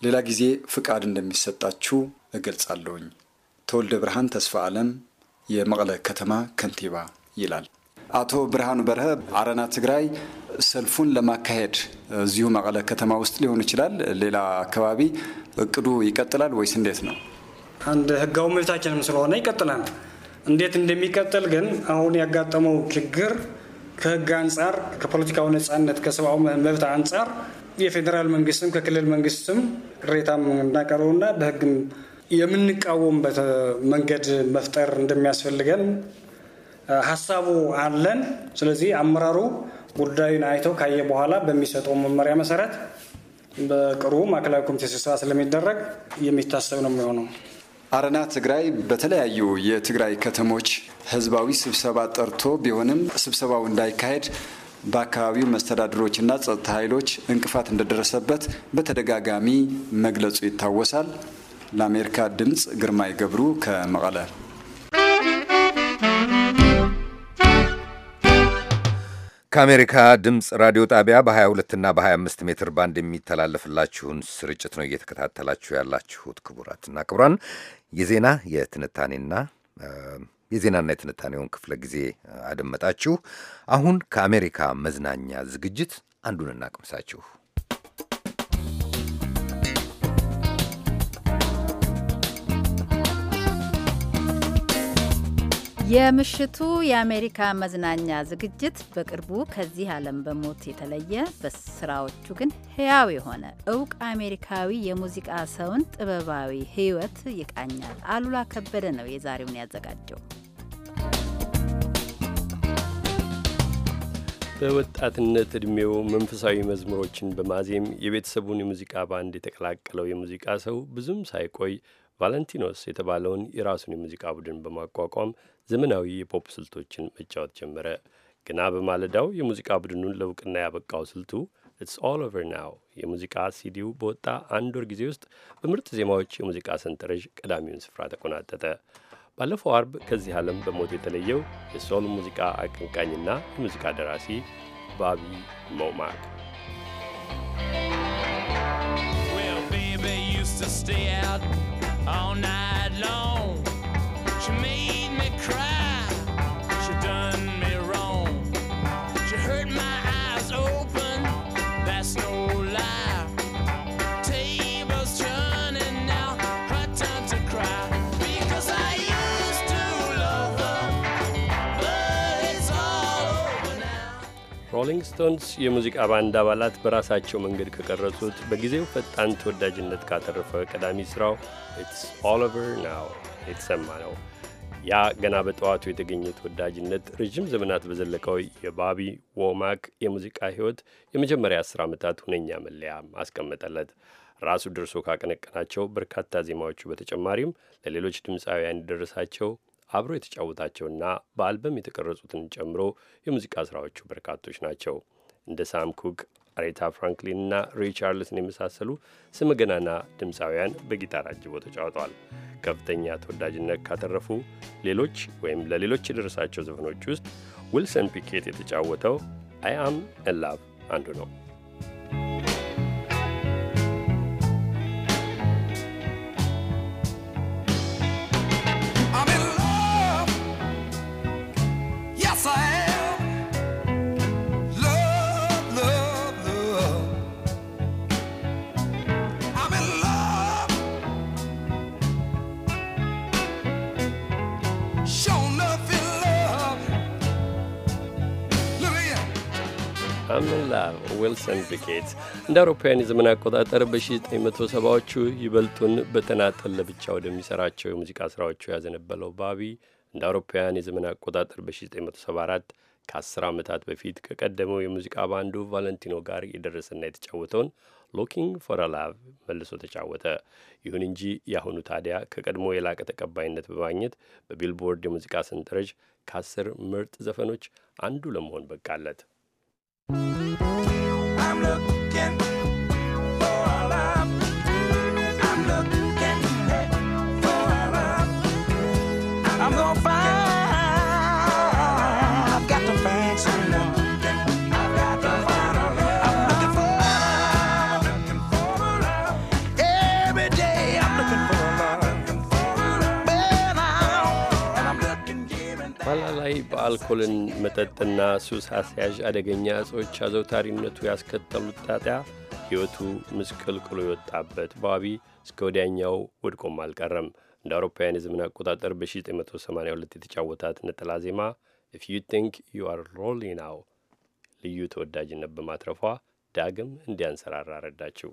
ሌላ ጊዜ ፍቃድ እንደሚሰጣችሁ እገልጻለሁኝ። ተወልደ ብርሃን ተስፋ ዓለም የመቀለ ከተማ ከንቲባ ይላል። አቶ ብርሃኑ በረሀ አረና ትግራይ ሰልፉን ለማካሄድ እዚሁ መቀለ ከተማ ውስጥ ሊሆን ይችላል፣ ሌላ አካባቢ እቅዱ ይቀጥላል ወይስ እንዴት ነው? አንድ ህጋዊ መብታችንም ስለሆነ ይቀጥላል። እንዴት እንደሚቀጥል ግን አሁን ያጋጠመው ችግር ከህግ አንጻር፣ ከፖለቲካው ነጻነት፣ ከሰብአዊ መብት አንጻር የፌዴራል መንግስትም ከክልል መንግስትም ቅሬታም እናቀርበውና በህግም የምንቃወምበት መንገድ መፍጠር እንደሚያስፈልገን ሀሳቡ አለን። ስለዚህ አመራሩ ጉዳዩን አይተው ካየ በኋላ በሚሰጠው መመሪያ መሰረት በቅርቡ ማዕከላዊ ኮሚቴ ስብሰባ ስለሚደረግ የሚታሰብ ነው የሚሆነው። አረና ትግራይ በተለያዩ የትግራይ ከተሞች ህዝባዊ ስብሰባ ጠርቶ ቢሆንም ስብሰባው እንዳይካሄድ በአካባቢው መስተዳድሮችና ጸጥታ ኃይሎች እንቅፋት እንደደረሰበት በተደጋጋሚ መግለጹ ይታወሳል። ለአሜሪካ ድምፅ ግርማይ ገብሩ ከመቀለ ከአሜሪካ ድምፅ ራዲዮ ጣቢያ በ22 እና በ25 ሜትር ባንድ የሚተላለፍላችሁን ስርጭት ነው እየተከታተላችሁ ያላችሁት። ክቡራትና ክቡራን የዜና የትንታኔና የዜናና የትንታኔውን ክፍለ ጊዜ አደመጣችሁ። አሁን ከአሜሪካ መዝናኛ ዝግጅት አንዱን እናቅምሳችሁ። የምሽቱ የአሜሪካ መዝናኛ ዝግጅት በቅርቡ ከዚህ ዓለም በሞት የተለየ በስራዎቹ ግን ሕያው የሆነ እውቅ አሜሪካዊ የሙዚቃ ሰውን ጥበባዊ ሕይወት ይቃኛል። አሉላ ከበደ ነው የዛሬውን ያዘጋጀው። በወጣትነት ዕድሜው መንፈሳዊ መዝሙሮችን በማዜም የቤተሰቡን የሙዚቃ ባንድ የተቀላቀለው የሙዚቃ ሰው ብዙም ሳይቆይ ቫለንቲኖስ የተባለውን የራሱን የሙዚቃ ቡድን በማቋቋም ዘመናዊ የፖፕ ስልቶችን መጫወት ጀመረ። ግና በማለዳው የሙዚቃ ቡድኑን ለእውቅና ያበቃው ስልቱ ኢትስ ኦል ኦቨር ናው የሙዚቃ ሲዲው በወጣ አንድ ወር ጊዜ ውስጥ በምርጥ ዜማዎች የሙዚቃ ሰንጠረዥ ቀዳሚውን ስፍራ ተቆናጠጠ። ባለፈው አርብ ከዚህ ዓለም በሞት የተለየው የሶል ሙዚቃ አቀንቃኝና የሙዚቃ ደራሲ ባቢ ሞማክ well, all night. ሮሊንግ ስቶንስ የሙዚቃ ባንድ አባላት በራሳቸው መንገድ ከቀረጹት በጊዜው ፈጣን ተወዳጅነት ካተረፈ ቀዳሚ ስራው ኢትስ ኦል ኦቨር ናው የተሰማ ነው። ያ ገና በጠዋቱ የተገኘ ተወዳጅነት ረዥም ዘመናት በዘለቀው የባቢ ዎማክ የሙዚቃ ሕይወት የመጀመሪያ አስር ዓመታት ሁነኛ መለያም አስቀመጠለት። ራሱ ደርሶ ካቀነቀናቸው በርካታ ዜማዎቹ በተጨማሪም ለሌሎች ድምፃውያን እንዲደረሳቸው አብሮ የተጫወታቸውና በአልበም የተቀረጹትን ጨምሮ የሙዚቃ ስራዎቹ በርካቶች ናቸው። እንደ ሳም ኩክ፣ አሬታ ፍራንክሊን እና ቻርልስን የመሳሰሉ ስመገናና ድምፃውያን በጊታር አጅቦ ተጫውተዋል። ከፍተኛ ተወዳጅነት ካተረፉ ሌሎች ወይም ለሌሎች የደረሳቸው ዘፈኖች ውስጥ ዊልሰን ፒኬት የተጫወተው አይ አም ላቭ አንዱ ነው። ጆንሰን ብኬትስ እንደ አውሮፓውያን የዘመን አቆጣጠር በ1970ዎቹ ይበልጡን በተናጠል ለብቻ ወደሚሰራቸው የሙዚቃ ስራዎቹ ያዘነበለው ባቢ እንደ አውሮፓውያን የዘመን አቆጣጠር በ1974 ከ10 ዓመታት በፊት ከቀደመው የሙዚቃ ባንዱ ቫለንቲኖ ጋር የደረሰና የተጫወተውን ሎኪንግ ፎር ላቭ መልሶ ተጫወተ። ይሁን እንጂ የአሁኑ ታዲያ ከቀድሞ የላቀ ተቀባይነት በማግኘት በቢልቦርድ የሙዚቃ ሰንጠረዥ ከአስር ምርጥ ዘፈኖች አንዱ ለመሆን በቃለት። I'm gonna find የአልኮልን መጠጥና ሱስ አስያዥ አደገኛ እጾች አዘውታሪነቱ ያስከተሉት ጣጣያ ሕይወቱ ምስቅልቅሎ የወጣበት ባቢ እስከ ወዲያኛው ወድቆም አልቀረም። እንደ አውሮፓውያን የዘመን አቆጣጠር በ1982 የተጫወታት ነጠላ ዜማ ኢፍ ዩ ቲንክ ዩ አር ሮሊ ናው ልዩ ተወዳጅነት በማትረፏ ዳግም እንዲያንሰራራ ረዳችው።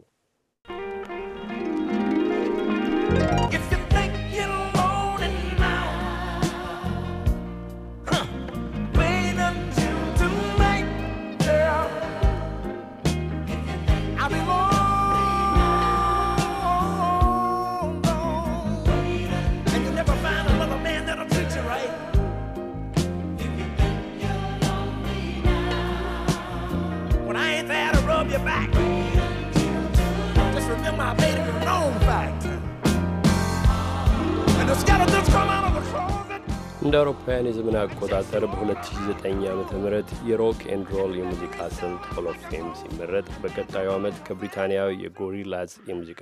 እንደ አውሮፓውያን የዘመን አቆጣጠር በ2009 ዓ ም የሮክ ኤንድ ሮል የሙዚቃ ስልት ሆል ኦፍ ፌም ሲመረጥ በቀጣዩ ዓመት ከብሪታንያው የጎሪላዝ የሙዚቃ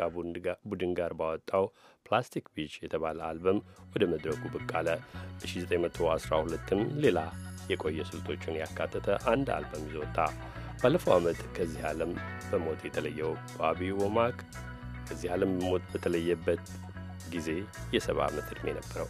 ቡድን ጋር ባወጣው ፕላስቲክ ቢች የተባለ አልበም ወደ መድረኩ ብቅ አለ። በ1912ም ሌላ የቆየ ስልቶቹን ያካተተ አንድ አልበም ይዞ ወጣ። ባለፈው ዓመት ከዚህ ዓለም በሞት የተለየው ባቢ ወማክ ከዚህ ዓለም በሞት በተለየበት ጊዜ የሰባ ዓመት ዕድሜ ነበረው።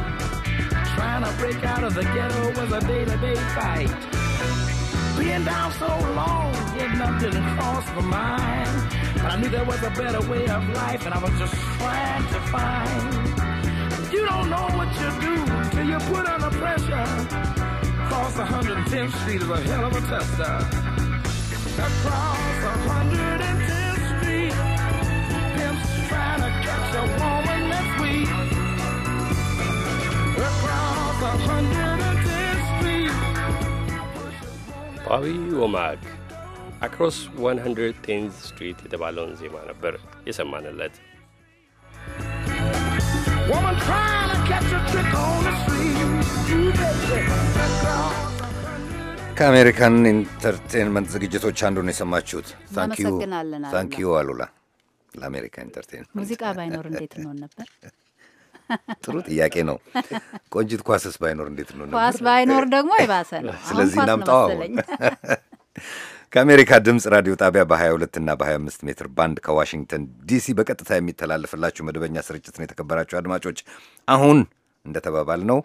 trying to break out of the ghetto was a day-to-day fight. Being down so long, getting up didn't cross my mind. But I knew there was a better way of life, and I was just trying to find. You don't know what you do till you put under pressure. Cross 110th Street is a hell of a tester. Across 110th Street, pimps trying to catch a woman. ባቢ ወማግ አክሮስ 110th ስትሪት የተባለውን ዜማ ነበር የሰማንለት። ከአሜሪካን ኢንተርቴንመንት ዝግጅቶች አንዱ ነው የሰማችሁት። ታንኪዩ አሉላ ለአሜሪካ ኢንተርቴንመንት። ሙዚቃ ባይኖር እንዴት እንሆን ነበር? ጥሩ ጥያቄ ነው ቆንጂት። ኳስስ ባይኖር እንዴት ነው? ኳስ ባይኖር ደግሞ የባሰ ነው። ስለዚህ እናምጣው አሁን *laughs* ከአሜሪካ ድምፅ ራዲዮ ጣቢያ በ22 እና በ25 ሜትር ባንድ ከዋሽንግተን ዲሲ በቀጥታ የሚተላለፍላችሁ መደበኛ ስርጭት ነው። የተከበራችሁ አድማጮች አሁን እንደተባባል ነው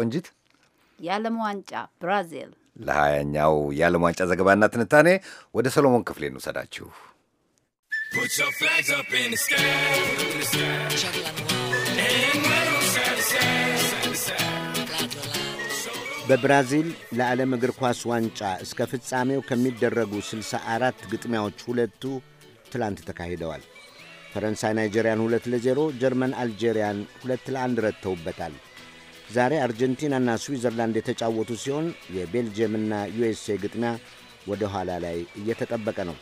ቆንጂት፣ የዓለም ዋንጫ ብራዚል ለሀያኛው የዓለም ዋንጫ ዘገባና ትንታኔ ወደ ሰሎሞን ክፍሌ እንውሰዳችሁ። በብራዚል ለዓለም እግር ኳስ ዋንጫ እስከ ፍጻሜው ከሚደረጉ 64 ግጥሚያዎች ሁለቱ ትላንት ተካሂደዋል። ፈረንሳይ ናይጄሪያን ለ ለዜሮ፣ ጀርመን አልጄሪያን ሁለት ለአንድ ረትተውበታል። ዛሬ አርጀንቲናና ስዊዘርላንድ የተጫወቱ ሲሆን የቤልጅየምና ዩኤስኤ ግጥሚያ ወደ ኋላ ላይ እየተጠበቀ ነው።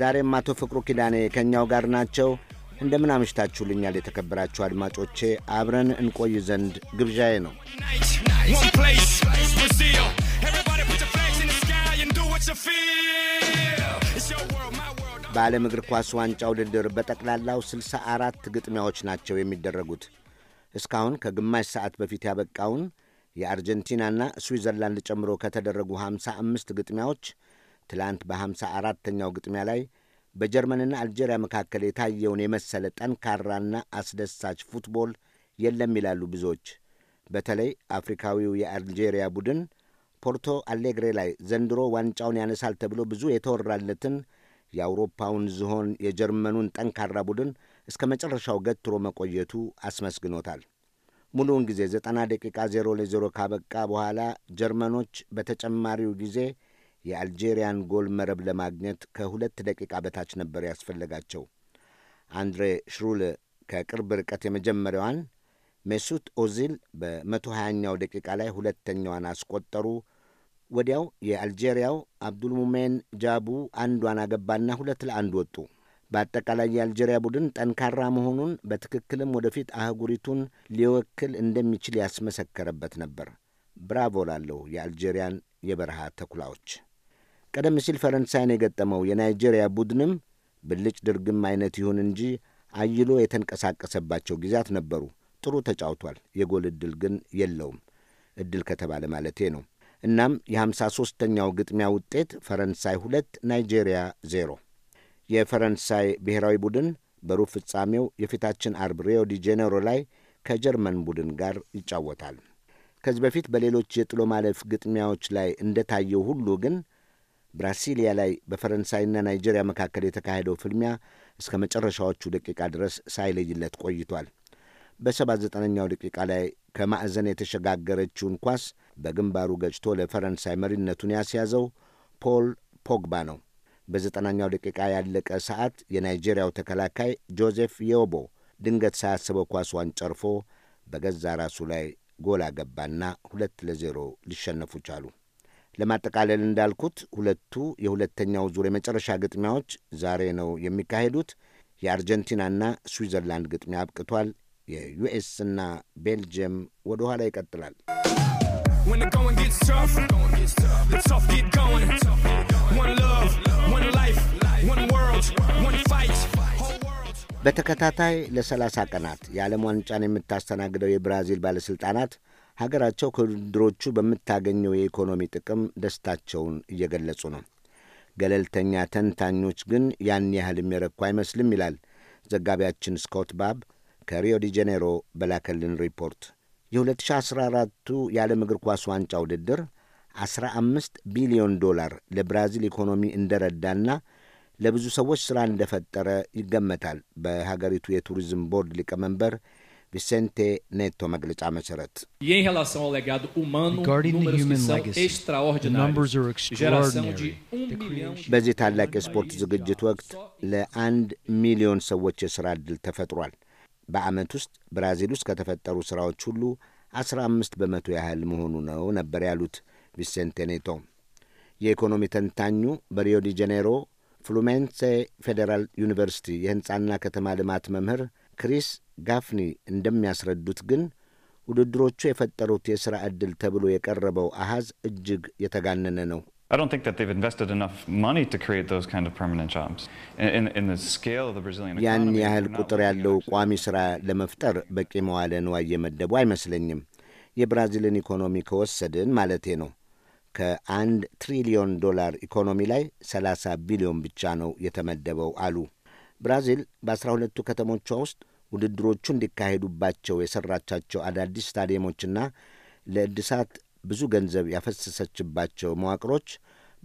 ዛሬም አቶ ፍቅሩ ኪዳኔ ከእኛው ጋር ናቸው። እንደምን አምሽታችሁልኛል የተከበራችሁ አድማጮቼ። አብረን እንቆይ ዘንድ ግብዣዬ ነው። በዓለም እግር ኳስ ዋንጫ ውድድር በጠቅላላው 64 ግጥሚያዎች ናቸው የሚደረጉት። እስካሁን ከግማሽ ሰዓት በፊት ያበቃውን የአርጀንቲናና ስዊዘርላንድ ጨምሮ ከተደረጉ 55 ግጥሚያዎች ትላንት በ 54 ተኛው ግጥሚያ ላይ በጀርመንና አልጄሪያ መካከል የታየውን የመሰለ ጠንካራና አስደሳች ፉትቦል የለም ይላሉ ብዙዎች። በተለይ አፍሪካዊው የአልጄሪያ ቡድን ፖርቶ አሌግሬ ላይ ዘንድሮ ዋንጫውን ያነሳል ተብሎ ብዙ የተወራለትን የአውሮፓውን ዝሆን የጀርመኑን ጠንካራ ቡድን እስከ መጨረሻው ገትሮ መቆየቱ አስመስግኖታል። ሙሉውን ጊዜ ዘጠና ደቂቃ 0 ለ0 ካበቃ በኋላ ጀርመኖች በተጨማሪው ጊዜ የአልጄሪያን ጎል መረብ ለማግኘት ከሁለት ደቂቃ በታች ነበር ያስፈለጋቸው። አንድሬ ሽሩል ከቅርብ ርቀት የመጀመሪያዋን፣ ሜሱት ኦዚል በ120ኛው ደቂቃ ላይ ሁለተኛዋን አስቆጠሩ። ወዲያው የአልጄሪያው አብዱልሙሜን ጃቡ አንዷን አገባና ሁለት ለአንድ ወጡ። በአጠቃላይ የአልጄሪያ ቡድን ጠንካራ መሆኑን በትክክልም ወደፊት አህጉሪቱን ሊወክል እንደሚችል ያስመሰከረበት ነበር። ብራቮ ላለሁ የአልጄሪያን የበረሃ ተኩላዎች። ቀደም ሲል ፈረንሳይን የገጠመው የናይጄሪያ ቡድንም ብልጭ ድርግም አይነት ይሁን እንጂ አይሎ የተንቀሳቀሰባቸው ጊዜያት ነበሩ። ጥሩ ተጫውቷል። የጎል ዕድል ግን የለውም። ዕድል ከተባለ ማለቴ ነው። እናም የ 53 ግጥሚያ ውጤት ፈረንሳይ ሁለት ናይጄሪያ ዜሮ። የፈረንሳይ ብሔራዊ ቡድን በሩብ ፍጻሜው የፊታችን አርብ ሪዮ ዲ ጄኔሮ ላይ ከጀርመን ቡድን ጋር ይጫወታል። ከዚህ በፊት በሌሎች የጥሎ ማለፍ ግጥሚያዎች ላይ እንደታየው ሁሉ ግን ብራሲሊያ ላይ በፈረንሳይና ናይጄሪያ መካከል የተካሄደው ፍልሚያ እስከ መጨረሻዎቹ ደቂቃ ድረስ ሳይለይለት ቆይቷል። በ79ኛው ደቂቃ ላይ ከማዕዘን የተሸጋገረችውን ኳስ በግንባሩ ገጭቶ ለፈረንሳይ መሪነቱን ያስያዘው ፖል ፖግባ ነው። በዘጠናኛው ደቂቃ ያለቀ ሰዓት የናይጄሪያው ተከላካይ ጆዜፍ ዮቦ ድንገት ሳያስበው ኳሷን ጨርፎ በገዛ ራሱ ላይ ጎል አገባና ሁለት ለዜሮ ሊሸነፉ ቻሉ። ለማጠቃለል እንዳልኩት ሁለቱ የሁለተኛው ዙር የመጨረሻ ግጥሚያዎች ዛሬ ነው የሚካሄዱት። የአርጀንቲናና ስዊዘርላንድ ግጥሚያ አብቅቷል። የዩኤስ እና ቤልጅየም ወደ ኋላ ይቀጥላል። በተከታታይ ለሰላሳ ቀናት የዓለም ዋንጫን የምታስተናግደው የብራዚል ባለሥልጣናት ሀገራቸው ከውድድሮቹ በምታገኘው የኢኮኖሚ ጥቅም ደስታቸውን እየገለጹ ነው። ገለልተኛ ተንታኞች ግን ያን ያህል የሚረኩ አይመስልም ይላል ዘጋቢያችን ስኮት ባብ ከሪዮ ዲ ጄኔሮ በላከልን ሪፖርት። የ2014ቱ የዓለም እግር ኳስ ዋንጫ ውድድር 15 ቢሊዮን ዶላር ለብራዚል ኢኮኖሚ እንደረዳና ለብዙ ሰዎች ሥራ እንደፈጠረ ይገመታል በሀገሪቱ የቱሪዝም ቦርድ ሊቀመንበር ቪሴንቴ ኔቶ መግለጫ መሰረት በዚህ ታላቅ የስፖርት ዝግጅት ወቅት ለአንድ ሚሊዮን ሰዎች የሥራ ዕድል ተፈጥሯል። በዓመት ውስጥ ብራዚል ውስጥ ከተፈጠሩ ሥራዎች ሁሉ 15 በመቶ ያህል መሆኑ ነው ነበር ያሉት ቪሴንቴ ኔቶ። የኢኮኖሚ ተንታኙ በሪዮ ዲ ጄኔሮ ፍሉሜንሴ ፌዴራል ዩኒቨርሲቲ የሕንፃና ከተማ ልማት መምህር ክሪስ ጋፍኒ እንደሚያስረዱት ግን ውድድሮቹ የፈጠሩት የሥራ ዕድል ተብሎ የቀረበው አሃዝ እጅግ የተጋነነ ነው። ያን ያህል ቁጥር ያለው ቋሚ ሥራ ለመፍጠር በቂ መዋለ ንዋይ የመደቡ አይመስለኝም። የብራዚልን ኢኮኖሚ ከወሰድን ማለቴ ነው። ከአንድ ትሪሊዮን ዶላር ኢኮኖሚ ላይ 30 ቢሊዮን ብቻ ነው የተመደበው አሉ። ብራዚል በ12ቱ ከተሞቿ ውስጥ ውድድሮቹ እንዲካሄዱባቸው የሠራቻቸው አዳዲስ ስታዲየሞችና ለእድሳት ብዙ ገንዘብ ያፈሰሰችባቸው መዋቅሮች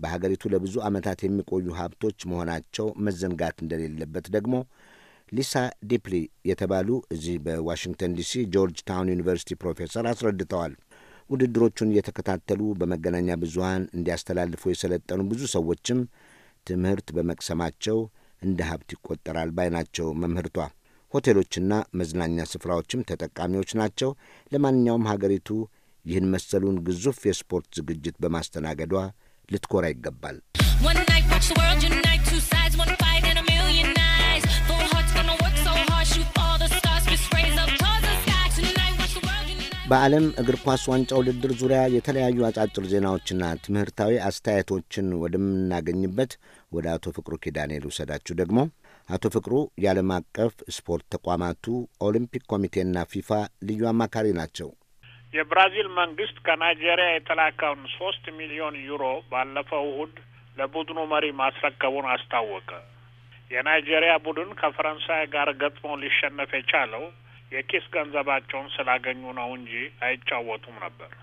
በሀገሪቱ ለብዙ ዓመታት የሚቆዩ ሀብቶች መሆናቸው መዘንጋት እንደሌለበት ደግሞ ሊሳ ዲፕሊ የተባሉ እዚህ በዋሽንግተን ዲሲ ጆርጅ ታውን ዩኒቨርሲቲ ፕሮፌሰር አስረድተዋል። ውድድሮቹን እየተከታተሉ በመገናኛ ብዙሃን እንዲያስተላልፉ የሰለጠኑ ብዙ ሰዎችም ትምህርት በመቅሰማቸው እንደ ሀብት ይቆጠራል ባይ ናቸው መምህርቷ። ሆቴሎችና መዝናኛ ስፍራዎችም ተጠቃሚዎች ናቸው። ለማንኛውም ሀገሪቱ ይህን መሰሉን ግዙፍ የስፖርት ዝግጅት በማስተናገዷ ልትኮራ ይገባል። በዓለም እግር ኳስ ዋንጫ ውድድር ዙሪያ የተለያዩ አጫጭር ዜናዎችና ትምህርታዊ አስተያየቶችን ወደምናገኝበት ወደ አቶ ፍቅሩ ኪዳኔ ልውሰዳችሁ ደግሞ አቶ ፍቅሩ የዓለም አቀፍ ስፖርት ተቋማቱ ኦሊምፒክ ኮሚቴና ፊፋ ልዩ አማካሪ ናቸው። የብራዚል መንግስት ከናይጄሪያ የተላከውን ሶስት ሚሊዮን ዩሮ ባለፈው እሁድ ለቡድኑ መሪ ማስረከቡን አስታወቀ። የናይጄሪያ ቡድን ከፈረንሳይ ጋር ገጥሞ ሊሸነፍ የቻለው የኪስ ገንዘባቸውን ስላገኙ ነው እንጂ አይጫወቱም ነበር።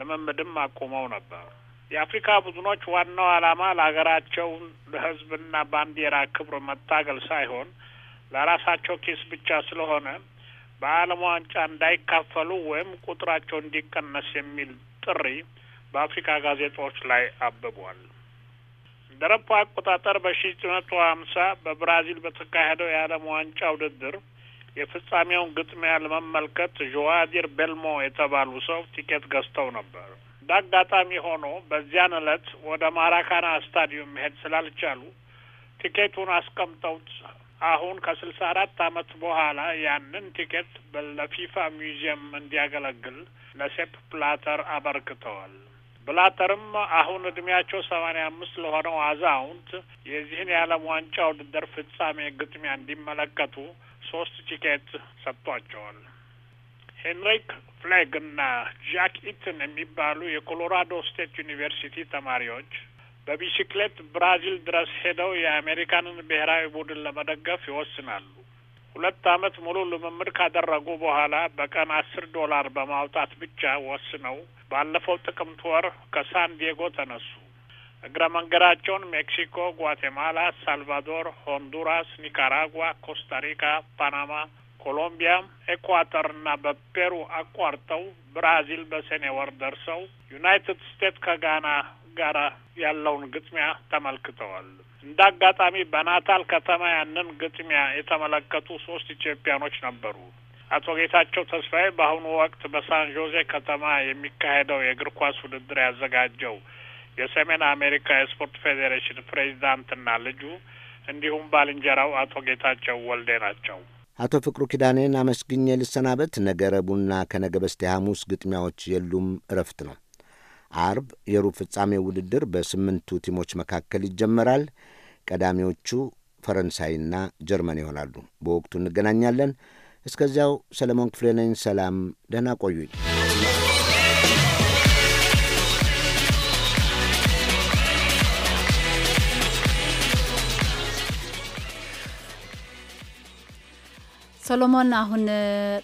ልምምድም አቁመው ነበር። የአፍሪካ ቡድኖች ዋናው ዓላማ ለሀገራቸው ለሕዝብና ባንዲራ ክብር መታገል ሳይሆን ለራሳቸው ኬስ ብቻ ስለሆነ በዓለም ዋንጫ እንዳይካፈሉ ወይም ቁጥራቸው እንዲቀነስ የሚል ጥሪ በአፍሪካ ጋዜጦች ላይ አብቧል። እንደ አቆጣጠር በሺ ዘጠኝ መቶ ሀምሳ በብራዚል በተካሄደው የዓለም ዋንጫ ውድድር የፍጻሜውን ግጥሚያ ለመመልከት ዦዋዲር ቤልሞ የተባሉ ሰው ቲኬት ገዝተው ነበር። በአጋጣሚ ሆኖ በዚያን ዕለት ወደ ማራካና ስታዲየም መሄድ ስላልቻሉ ቲኬቱን አስቀምጠውት አሁን ከስልሳ አራት አመት በኋላ ያንን ቲኬት ለፊፋ ሚውዚየም እንዲያገለግል ለሴፕ ብላተር አበርክተዋል። ብላተርም አሁን እድሜያቸው ሰማኒያ አምስት ለሆነው አዛውንት የዚህን የዓለም ዋንጫ ውድድር ፍጻሜ ግጥሚያ እንዲመለከቱ ሶስት ቲኬት ሰጥቷቸዋል። ሄንሪክ ፍሌግ እና ጃክ ኢትን የሚባሉ የኮሎራዶ ስቴት ዩኒቨርሲቲ ተማሪዎች በቢሲክሌት ብራዚል ድረስ ሄደው የአሜሪካንን ብሔራዊ ቡድን ለመደገፍ ይወስናሉ። ሁለት ዓመት ሙሉ ልምምድ ካደረጉ በኋላ በቀን አስር ዶላር በማውጣት ብቻ ወስነው ባለፈው ጥቅምት ወር ከሳን ዲዬጎ ተነሱ። እግረ መንገዳቸውን ሜክሲኮ፣ ጓቴማላ፣ ሳልቫዶር፣ ሆንዱራስ፣ ኒካራጓ፣ ኮስታሪካ፣ ፓናማ፣ በኮሎምቢያ፣ ኤኳተር እና በፔሩ አቋርጠው ብራዚል በሰኔ ወር ደርሰው ዩናይትድ ስቴትስ ከጋና ጋር ያለውን ግጥሚያ ተመልክተዋል። እንደ አጋጣሚ በናታል ከተማ ያንን ግጥሚያ የተመለከቱ ሶስት ኢትዮጵያኖች ነበሩ። አቶ ጌታቸው ተስፋዬ በአሁኑ ወቅት በሳን ዦዜ ከተማ የሚካሄደው የእግር ኳስ ውድድር ያዘጋጀው የሰሜን አሜሪካ የስፖርት ፌዴሬሽን ፕሬዚዳንትና ልጁ እንዲሁም ባልንጀራው አቶ ጌታቸው ወልዴ ናቸው። አቶ ፍቅሩ ኪዳኔን አመስግኜ ልሰናበት። ነገ ረቡዕና ከነገ በስቲያ ሐሙስ ግጥሚያዎች የሉም፣ እረፍት ነው። አርብ የሩብ ፍጻሜ ውድድር በስምንቱ ቲሞች መካከል ይጀመራል። ቀዳሚዎቹ ፈረንሳይና ጀርመን ይሆናሉ። በወቅቱ እንገናኛለን። እስከዚያው ሰለሞን ክፍሌ ነኝ። ሰላም፣ ደህና ቆዩኝ። ሰሎሞን አሁን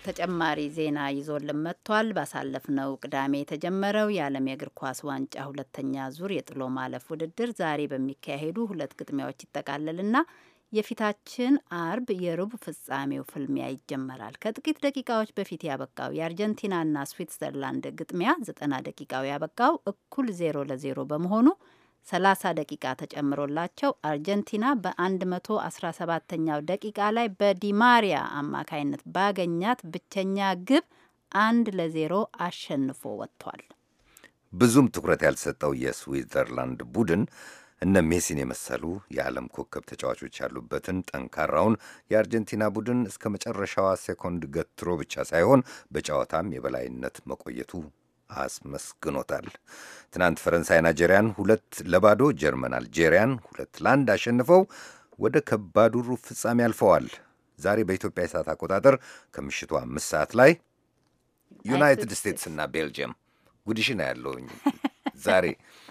ተጨማሪ ዜና ይዞልን መጥቷል። ባሳለፍነው ቅዳሜ የተጀመረው የዓለም የእግር ኳስ ዋንጫ ሁለተኛ ዙር የጥሎ ማለፍ ውድድር ዛሬ በሚካሄዱ ሁለት ግጥሚያዎች ይጠቃለልና የፊታችን አርብ የሩብ ፍጻሜው ፍልሚያ ይጀመራል። ከጥቂት ደቂቃዎች በፊት ያበቃው የአርጀንቲናና ስዊትዘርላንድ ግጥሚያ ዘጠና ደቂቃው ያበቃው እኩል ዜሮ ለዜሮ በመሆኑ 30 ደቂቃ ተጨምሮላቸው አርጀንቲና በ117ኛው ደቂቃ ላይ በዲማሪያ አማካይነት ባገኛት ብቸኛ ግብ አንድ ለዜሮ አሸንፎ ወጥቷል። ብዙም ትኩረት ያልሰጠው የስዊዘርላንድ ቡድን እነ ሜሲን የመሰሉ የዓለም ኮከብ ተጫዋቾች ያሉበትን ጠንካራውን የአርጀንቲና ቡድን እስከ መጨረሻዋ ሴኮንድ ገትሮ ብቻ ሳይሆን በጨዋታም የበላይነት መቆየቱ አስመስግኖታል። ትናንት ፈረንሳይ ናይጄሪያን ሁለት ለባዶ፣ ጀርመን አልጄሪያን ሁለት ለአንድ አሸንፈው ወደ ከባዱ ሩብ ፍጻሜ አልፈዋል። ዛሬ በኢትዮጵያ የሰዓት አቆጣጠር ከምሽቱ አምስት ሰዓት ላይ ዩናይትድ ስቴትስ እና ቤልጅየም ጉድሽና ያለውኝ *laughs* ዛሬ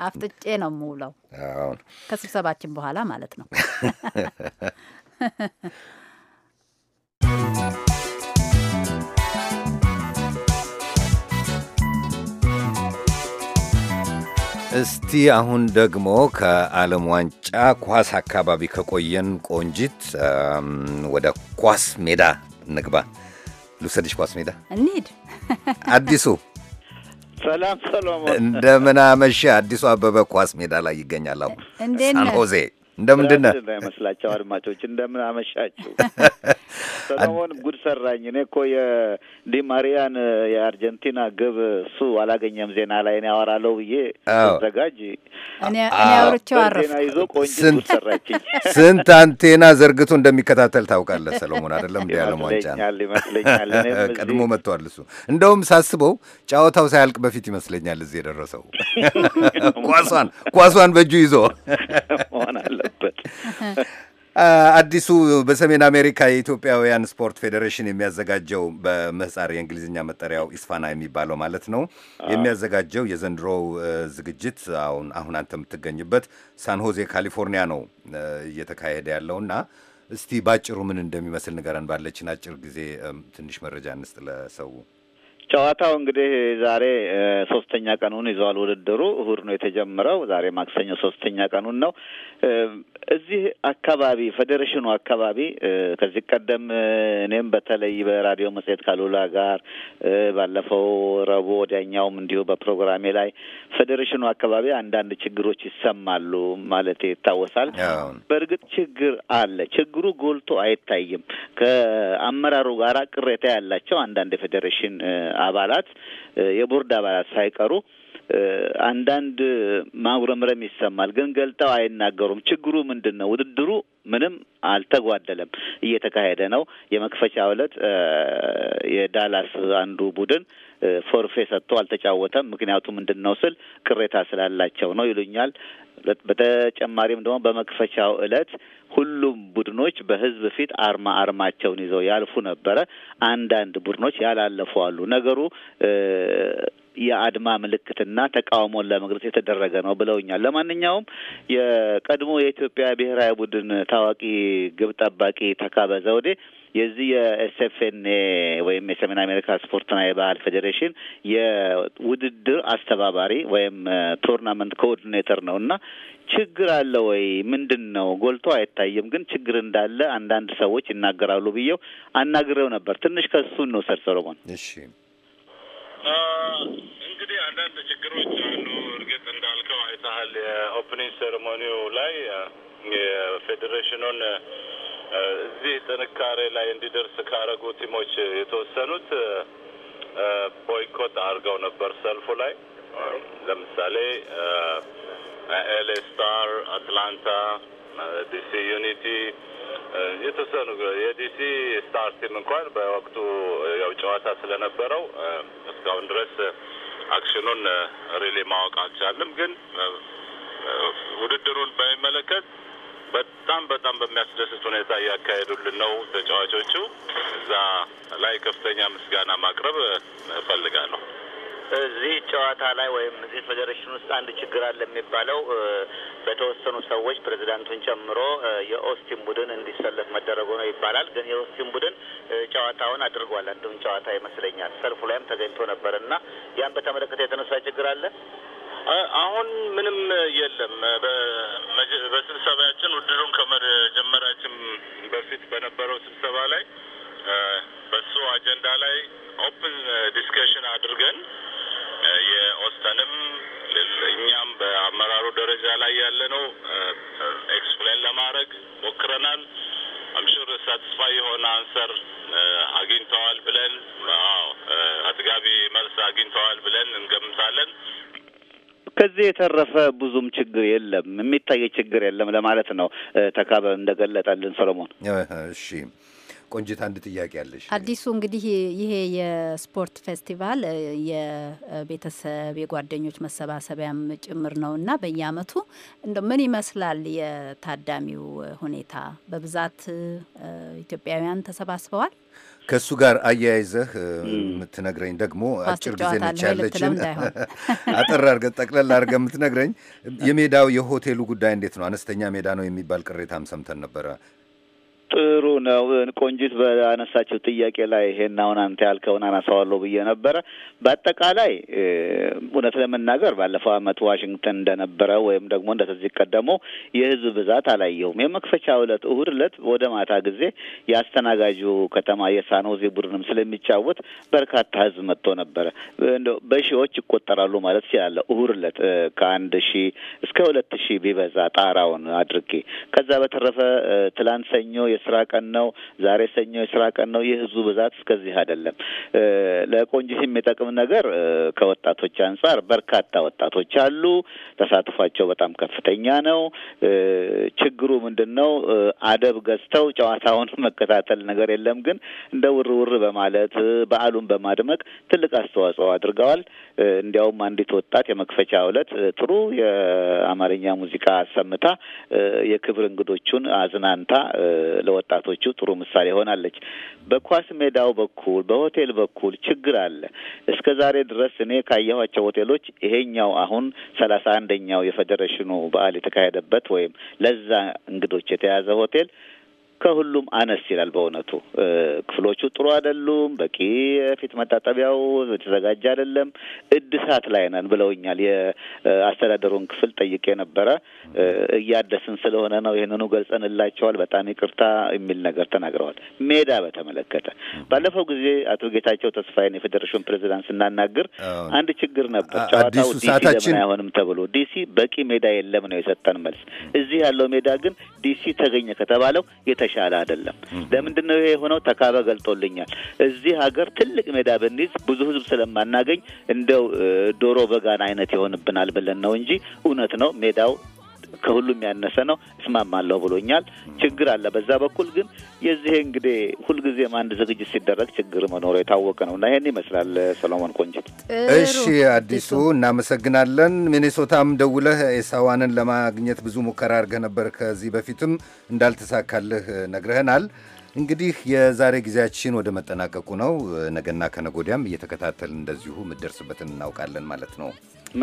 አፍጥጬ ነው የምውለው። ከስብሰባችን በኋላ ማለት ነው። *laughs* እስቲ አሁን ደግሞ ከዓለም ዋንጫ ኳስ አካባቢ ከቆየን ቆንጂት ወደ ኳስ ሜዳ ንግባ። ልውሰድሽ ኳስ ሜዳ እንሂድ። አዲሱ ሰላም ሰሎሞን፣ እንደምን አመሸህ? አዲሱ አበበ ኳስ ሜዳ ላይ ይገኛል አሁን ሳንሆዜ እንደምንድን ነው ይመስላቸው አድማጮች፣ እንደምን አመሻችሁ። *laughs* ሰለሞን ጉድ ሰራኝ። እኔ እኮ የዲማሪያን የአርጀንቲና ግብ እሱ አላገኘም ዜና ላይ እኔ አወራለሁ ብዬ ዘጋጅ ዜና ይዞ ቆንጆ ሰራችኝ። *laughs* ስንት አንቴና ዘርግቶ እንደሚከታተል ታውቃለህ ሰለሞን። አይደለም እንዲ ያለም ዋንጫ *laughs* ቀድሞ መጥቷል እሱ። እንደውም ሳስበው ጨዋታው ሳያልቅ በፊት ይመስለኛል እዚህ የደረሰው ኳሷን ኳሷን በእጁ ይዞ ሆናለሁ አለበት። *laughs* አዲሱ በሰሜን አሜሪካ የኢትዮጵያውያን ስፖርት ፌዴሬሽን የሚያዘጋጀው በምህጻር የእንግሊዝኛ መጠሪያው ኢስፋና የሚባለው ማለት ነው የሚያዘጋጀው የዘንድሮው ዝግጅት አሁን አሁን አንተ የምትገኝበት ሳንሆዜ ካሊፎርኒያ ነው እየተካሄደ ያለውና እስቲ ባጭሩ ምን እንደሚመስል ንገረን። ባለችን አጭር ጊዜ ትንሽ መረጃ እንስጥ ለሰው። ጨዋታው እንግዲህ ዛሬ ሶስተኛ ቀኑን ይዘዋል። ውድድሩ እሁድ ነው የተጀመረው። ዛሬ ማክሰኞ ሶስተኛ ቀኑን ነው። እዚህ አካባቢ ፌዴሬሽኑ አካባቢ ከዚህ ቀደም እኔም በተለይ በራዲዮ መጽሔት ካሉላ ጋር ባለፈው ረቡዕ ወዲያኛውም እንዲሁ በፕሮግራሜ ላይ ፌዴሬሽኑ አካባቢ አንዳንድ ችግሮች ይሰማሉ ማለት ይታወሳል። በእርግጥ ችግር አለ። ችግሩ ጎልቶ አይታይም። ከአመራሩ ጋር ቅሬታ ያላቸው አንዳንድ የፌዴሬሽን አባላት የቦርድ አባላት ሳይቀሩ አንዳንድ ማጉረምረም ይሰማል፣ ግን ገልጠው አይናገሩም። ችግሩ ምንድን ነው? ውድድሩ ምንም አልተጓደለም፣ እየተካሄደ ነው። የመክፈቻ ዕለት የዳላስ አንዱ ቡድን ፎርፌ ሰጥቶ አልተጫወተም። ምክንያቱ ምንድን ነው ስል ቅሬታ ስላላቸው ነው ይሉኛል። በተጨማሪም ደግሞ በመክፈቻው ዕለት ሁሉም ቡድኖች በህዝብ ፊት አርማ አርማቸውን ይዘው ያልፉ ነበረ። አንዳንድ ቡድኖች ያላለፉ አሉ። ነገሩ የአድማ ምልክትና ተቃውሞን ለመግለጽ የተደረገ ነው ብለውኛል። ለማንኛውም የቀድሞ የኢትዮጵያ ብሔራዊ ቡድን ታዋቂ ግብ ጠባቂ ተካበ ዘውዴ የዚህ የኤስኤፍኤንኤ ወይም የሰሜን አሜሪካ ስፖርትና የባህል ፌዴሬሽን የውድድር አስተባባሪ ወይም ቱርናመንት ኮኦርዲኔተር ነው እና ችግር አለ ወይ ምንድን ነው ጎልቶ አይታይም፣ ግን ችግር እንዳለ አንዳንድ ሰዎች ይናገራሉ ብዬው አናግሬው ነበር። ትንሽ ከሱ እንውሰድ ሰሎሞን። እሺ እንግዲህ አንዳንድ ችግሮች አሉ። እርግጥ እንዳልከው አይተሃል። የኦፕኒንግ ሴሬሞኒው ላይ የፌዴሬሽኑን እዚህ ጥንካሬ ላይ እንዲደርስ ካረጉ ቲሞች የተወሰኑት ቦይኮት አድርገው ነበር ሰልፉ ላይ ለምሳሌ ኤሌ ስታር፣ አትላንታ፣ ዲሲ ዩኒቲ የተወሰኑ የዲሲ ስታርቲም እንኳን በወቅቱ ያው ጨዋታ ስለነበረው እስካሁን ድረስ አክሽኑን ሪሊ ማወቅ አልቻልም። ግን ውድድሩን በሚመለከት በጣም በጣም በሚያስደስት ሁኔታ እያካሄዱልን ነው ተጫዋቾቹ። እዛ ላይ ከፍተኛ ምስጋና ማቅረብ እፈልጋለሁ። እዚህ ጨዋታ ላይ ወይም እዚህ ፌዴሬሽን ውስጥ አንድ ችግር አለ የሚባለው በተወሰኑ ሰዎች ፕሬዚዳንቱን ጨምሮ የኦስቲን ቡድን እንዲሰለፍ መደረጉ ነው ይባላል። ግን የኦስቲን ቡድን ጨዋታውን አድርጓል። አንድም ጨዋታ ይመስለኛል ሰልፉ ላይም ተገኝቶ ነበር እና ያን በተመለከተ የተነሳ ችግር አለ አሁን ምንም የለም። በስብሰባችን ውድድሩን ከመጀመራችን በፊት በነበረው ስብሰባ ላይ በሱ አጀንዳ ላይ ኦፕን ዲስከሽን አድርገን የኦስተንም እኛም በአመራሩ ደረጃ ላይ ያለ ነው ኤክስፕሌን ለማድረግ ሞክረናል። አምሹር ሳትስፋይ የሆነ አንሰር አግኝተዋል ብለን አጥጋቢ መልስ አግኝተዋል ብለን እንገምታለን። ከዚህ የተረፈ ብዙም ችግር የለም፣ የሚታይ ችግር የለም ለማለት ነው። ተካበ እንደገለጠልን ሰሎሞን እሺ ቆንጅት፣ አንድ ጥያቄ ያለሽ አዲሱ እንግዲህ ይሄ የስፖርት ፌስቲቫል የቤተሰብ የጓደኞች መሰባሰቢያም ጭምር ነው እና በየአመቱ እንደ ምን ይመስላል የታዳሚው ሁኔታ? በብዛት ኢትዮጵያውያን ተሰባስበዋል። ከእሱ ጋር አያይዘህ የምትነግረኝ ደግሞ አጭር ጊዜ ነች ያለችን፣ *laughs* አጠር አድርገን ጠቅለል አድርገን የምትነግረኝ የሜዳው የሆቴሉ ጉዳይ እንዴት ነው? አነስተኛ ሜዳ ነው የሚባል ቅሬታም ሰምተን ነበረ። ጥሩ ነው። ቆንጂት በአነሳችው ጥያቄ ላይ ይሄን አሁን አንተ ያልከውን አነሳዋለሁ ብዬ ነበረ። በአጠቃላይ እውነት ለመናገር ባለፈው ዓመት ዋሽንግተን እንደነበረ ወይም ደግሞ እንደተዚህ ቀደሙ የህዝብ ብዛት አላየሁም። የመክፈቻ ዕለት እሁድ ዕለት ወደ ማታ ጊዜ የአስተናጋጁ ከተማ የሳኖዜ ቡድንም ስለሚጫወት በርካታ ህዝብ መጥቶ ነበረ። እንደው በሺዎች ይቆጠራሉ ማለት ይችላለ። እሁድ ዕለት ከአንድ ሺህ እስከ ሁለት ሺህ ቢበዛ ጣራውን አድርጌ ከዛ በተረፈ ትላንት ሰኞ የ የስራ ቀን ነው፣ ዛሬ ሰኞ የስራ ቀን ነው። የህዝቡ ብዛት እስከዚህ አይደለም። ለቆንጂት የሚጠቅም ነገር ከወጣቶች አንጻር በርካታ ወጣቶች አሉ። ተሳትፏቸው በጣም ከፍተኛ ነው። ችግሩ ምንድን ነው? አደብ ገዝተው ጨዋታውን *laughs* መከታተል ነገር የለም። ግን እንደ ውር ውር በማለት በዓሉን በማድመቅ ትልቅ አስተዋጽኦ አድርገዋል። እንዲያውም አንዲት ወጣት የመክፈቻ ዕለት ጥሩ የአማርኛ ሙዚቃ አሰምታ የክብር እንግዶቹን አዝናንታ ለወጣቶቹ ጥሩ ምሳሌ ሆናለች። በኳስ ሜዳው በኩል በሆቴል በኩል ችግር አለ። እስከ ዛሬ ድረስ እኔ ካየኋቸው ሆቴሎች ይሄኛው አሁን ሰላሳ አንደኛው የፌዴሬሽኑ በዓል የተካሄደበት ወይም ለዛ እንግዶች የተያዘ ሆቴል ከሁሉም አነስ ይላል። በእውነቱ ክፍሎቹ ጥሩ አይደሉም። በቂ የፊት መታጠቢያው የተዘጋጀ አይደለም። እድሳት ላይ ነን ብለውኛል። የአስተዳደሩን ክፍል ጠይቄ ነበረ። እያደስን ስለሆነ ነው ይህንኑ ገልጸንላቸዋል። በጣም ይቅርታ የሚል ነገር ተናግረዋል። ሜዳ በተመለከተ ባለፈው ጊዜ አቶ ጌታቸው ተስፋዬን የፌዴሬሽን ፕሬዚዳንት ስናናግር አንድ ችግር ነበር። ጨዋታው ዲሲ አይሆንም ተብሎ ዲሲ በቂ ሜዳ የለም ነው የሰጠን መልስ። እዚህ ያለው ሜዳ ግን ዲሲ ተገኘ ከተባለው የተ የተሻለ አይደለም። ለምንድን ነው ይሄ የሆነው? ተካባ ገልጦልኛል። እዚህ ሀገር ትልቅ ሜዳ ብንይዝ ብዙ ህዝብ ስለማናገኝ እንደው ዶሮ በጋን አይነት ይሆንብናል ብለን ነው እንጂ እውነት ነው ሜዳው ከሁሉም ያነሰ ነው። እስማማለሁ ብሎኛል። ችግር አለ በዛ በኩል ግን የዚህ እንግዲህ ሁልጊዜም አንድ ዝግጅት ሲደረግ ችግር መኖሩ የታወቀ ነው እና ይህን ይመስላል። ሰሎሞን ቆንጅት። እሺ አዲሱ እናመሰግናለን። ሚኔሶታም ደውለህ ኤሳዋንን ለማግኘት ብዙ ሙከራ አድርገህ ነበር። ከዚህ በፊትም እንዳልተሳካልህ ነግረህናል። እንግዲህ የዛሬ ጊዜያችን ወደ መጠናቀቁ ነው። ነገና ከነጎዲያም እየተከታተል እንደዚሁ ምደርስበትን እናውቃለን ማለት ነው።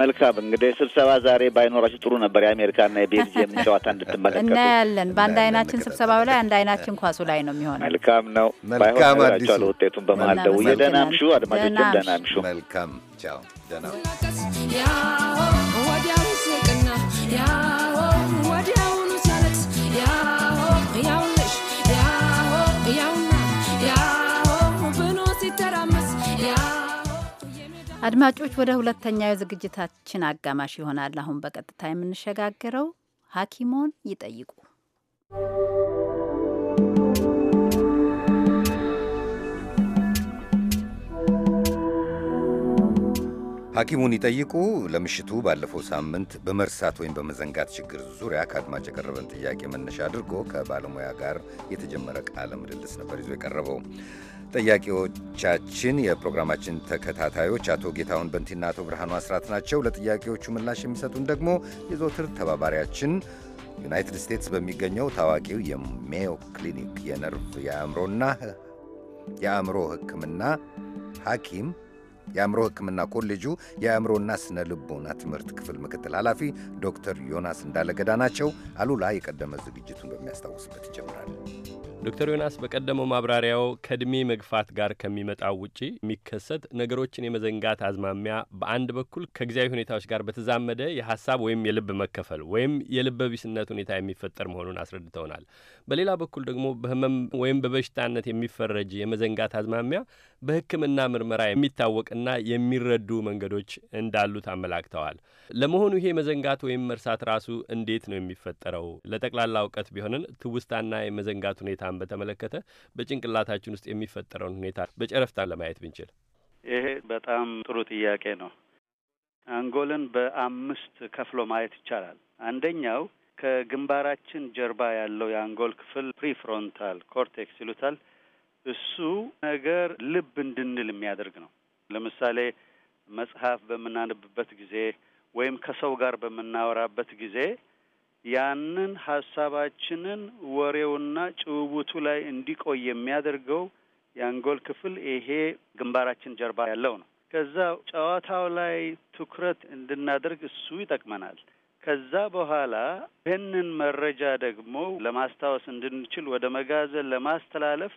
መልካም እንግዲህ ስብሰባ ዛሬ ባይኖራችሁ ጥሩ ነበር። የአሜሪካና የቤልጅየምን ጨዋታ እንድትመለከቱ እናያለን። በአንድ አይናችን ስብሰባው ላይ፣ አንድ አይናችን ኳሱ ላይ ነው የሚሆነው። መልካም ነው። መልካም አዲሱ ውጤቱን በመሀል ደውዬ ደህና እምሹ አድማጮች፣ ደህና እምሹ። መልካም ቻው፣ ደህና አድማጮች ወደ ሁለተኛው ዝግጅታችን አጋማሽ ይሆናል አሁን በቀጥታ የምንሸጋገረው። ሐኪሞን ይጠይቁ ሐኪሙን ይጠይቁ ለምሽቱ ባለፈው ሳምንት በመርሳት ወይም በመዘንጋት ችግር ዙሪያ ከአድማጭ የቀረበን ጥያቄ መነሻ አድርጎ ከባለሙያ ጋር የተጀመረ ቃለ ምልልስ ነበር ይዞ የቀረበው። ጥያቄዎቻችን የፕሮግራማችን ተከታታዮች አቶ ጌታሁን በንቲና አቶ ብርሃኑ አስራት ናቸው። ለጥያቄዎቹ ምላሽ የሚሰጡን ደግሞ የዘወትር ተባባሪያችን ዩናይትድ ስቴትስ በሚገኘው ታዋቂው የሜዮ ክሊኒክ የነርቭ የአእምሮና የአእምሮ ሕክምና ሐኪም የአእምሮ ሕክምና ኮሌጁ የአእምሮና ስነ ልቦና ትምህርት ክፍል ምክትል ኃላፊ ዶክተር ዮናስ እንዳለገዳ ናቸው። አሉላ የቀደመ ዝግጅቱን በሚያስታውስበት ይጀምራል። ዶክተር ዮናስ በቀደመው ማብራሪያው ከእድሜ መግፋት ጋር ከሚመጣው ውጪ የሚከሰት ነገሮችን የመዘንጋት አዝማሚያ በአንድ በኩል ከጊዜያዊ ሁኔታዎች ጋር በተዛመደ የሀሳብ ወይም የልብ መከፈል ወይም የልበ ቢስነት ሁኔታ የሚፈጠር መሆኑን አስረድተውናል። በሌላ በኩል ደግሞ በህመም ወይም በበሽታነት የሚፈረጅ የመዘንጋት አዝማሚያ በሕክምና ምርመራ የሚታወቅና የሚረዱ መንገዶች እንዳሉት አመላክተዋል። ለመሆኑ ይሄ መዘንጋት ወይም መርሳት ራሱ እንዴት ነው የሚፈጠረው? ለጠቅላላ እውቀት ቢሆንን ትውስታና የመዘንጋት ሁኔታ ሁኔታን በተመለከተ በጭንቅላታችን ውስጥ የሚፈጠረውን ሁኔታ በጨረፍታ ለማየት ብንችል። ይሄ በጣም ጥሩ ጥያቄ ነው። አንጎልን በአምስት ከፍሎ ማየት ይቻላል። አንደኛው ከግንባራችን ጀርባ ያለው የአንጎል ክፍል ፕሪፍሮንታል ኮርቴክስ ይሉታል። እሱ ነገር ልብ እንድንል የሚያደርግ ነው። ለምሳሌ መጽሐፍ በምናነብበት ጊዜ ወይም ከሰው ጋር በምናወራበት ጊዜ ያንን ሀሳባችንን ወሬውና ጭውውቱ ላይ እንዲቆይ የሚያደርገው የአንጎል ክፍል ይሄ ግንባራችን ጀርባ ያለው ነው። ከዛ ጨዋታው ላይ ትኩረት እንድናደርግ እሱ ይጠቅመናል። ከዛ በኋላ ይህንን መረጃ ደግሞ ለማስታወስ እንድንችል ወደ መጋዘን ለማስተላለፍ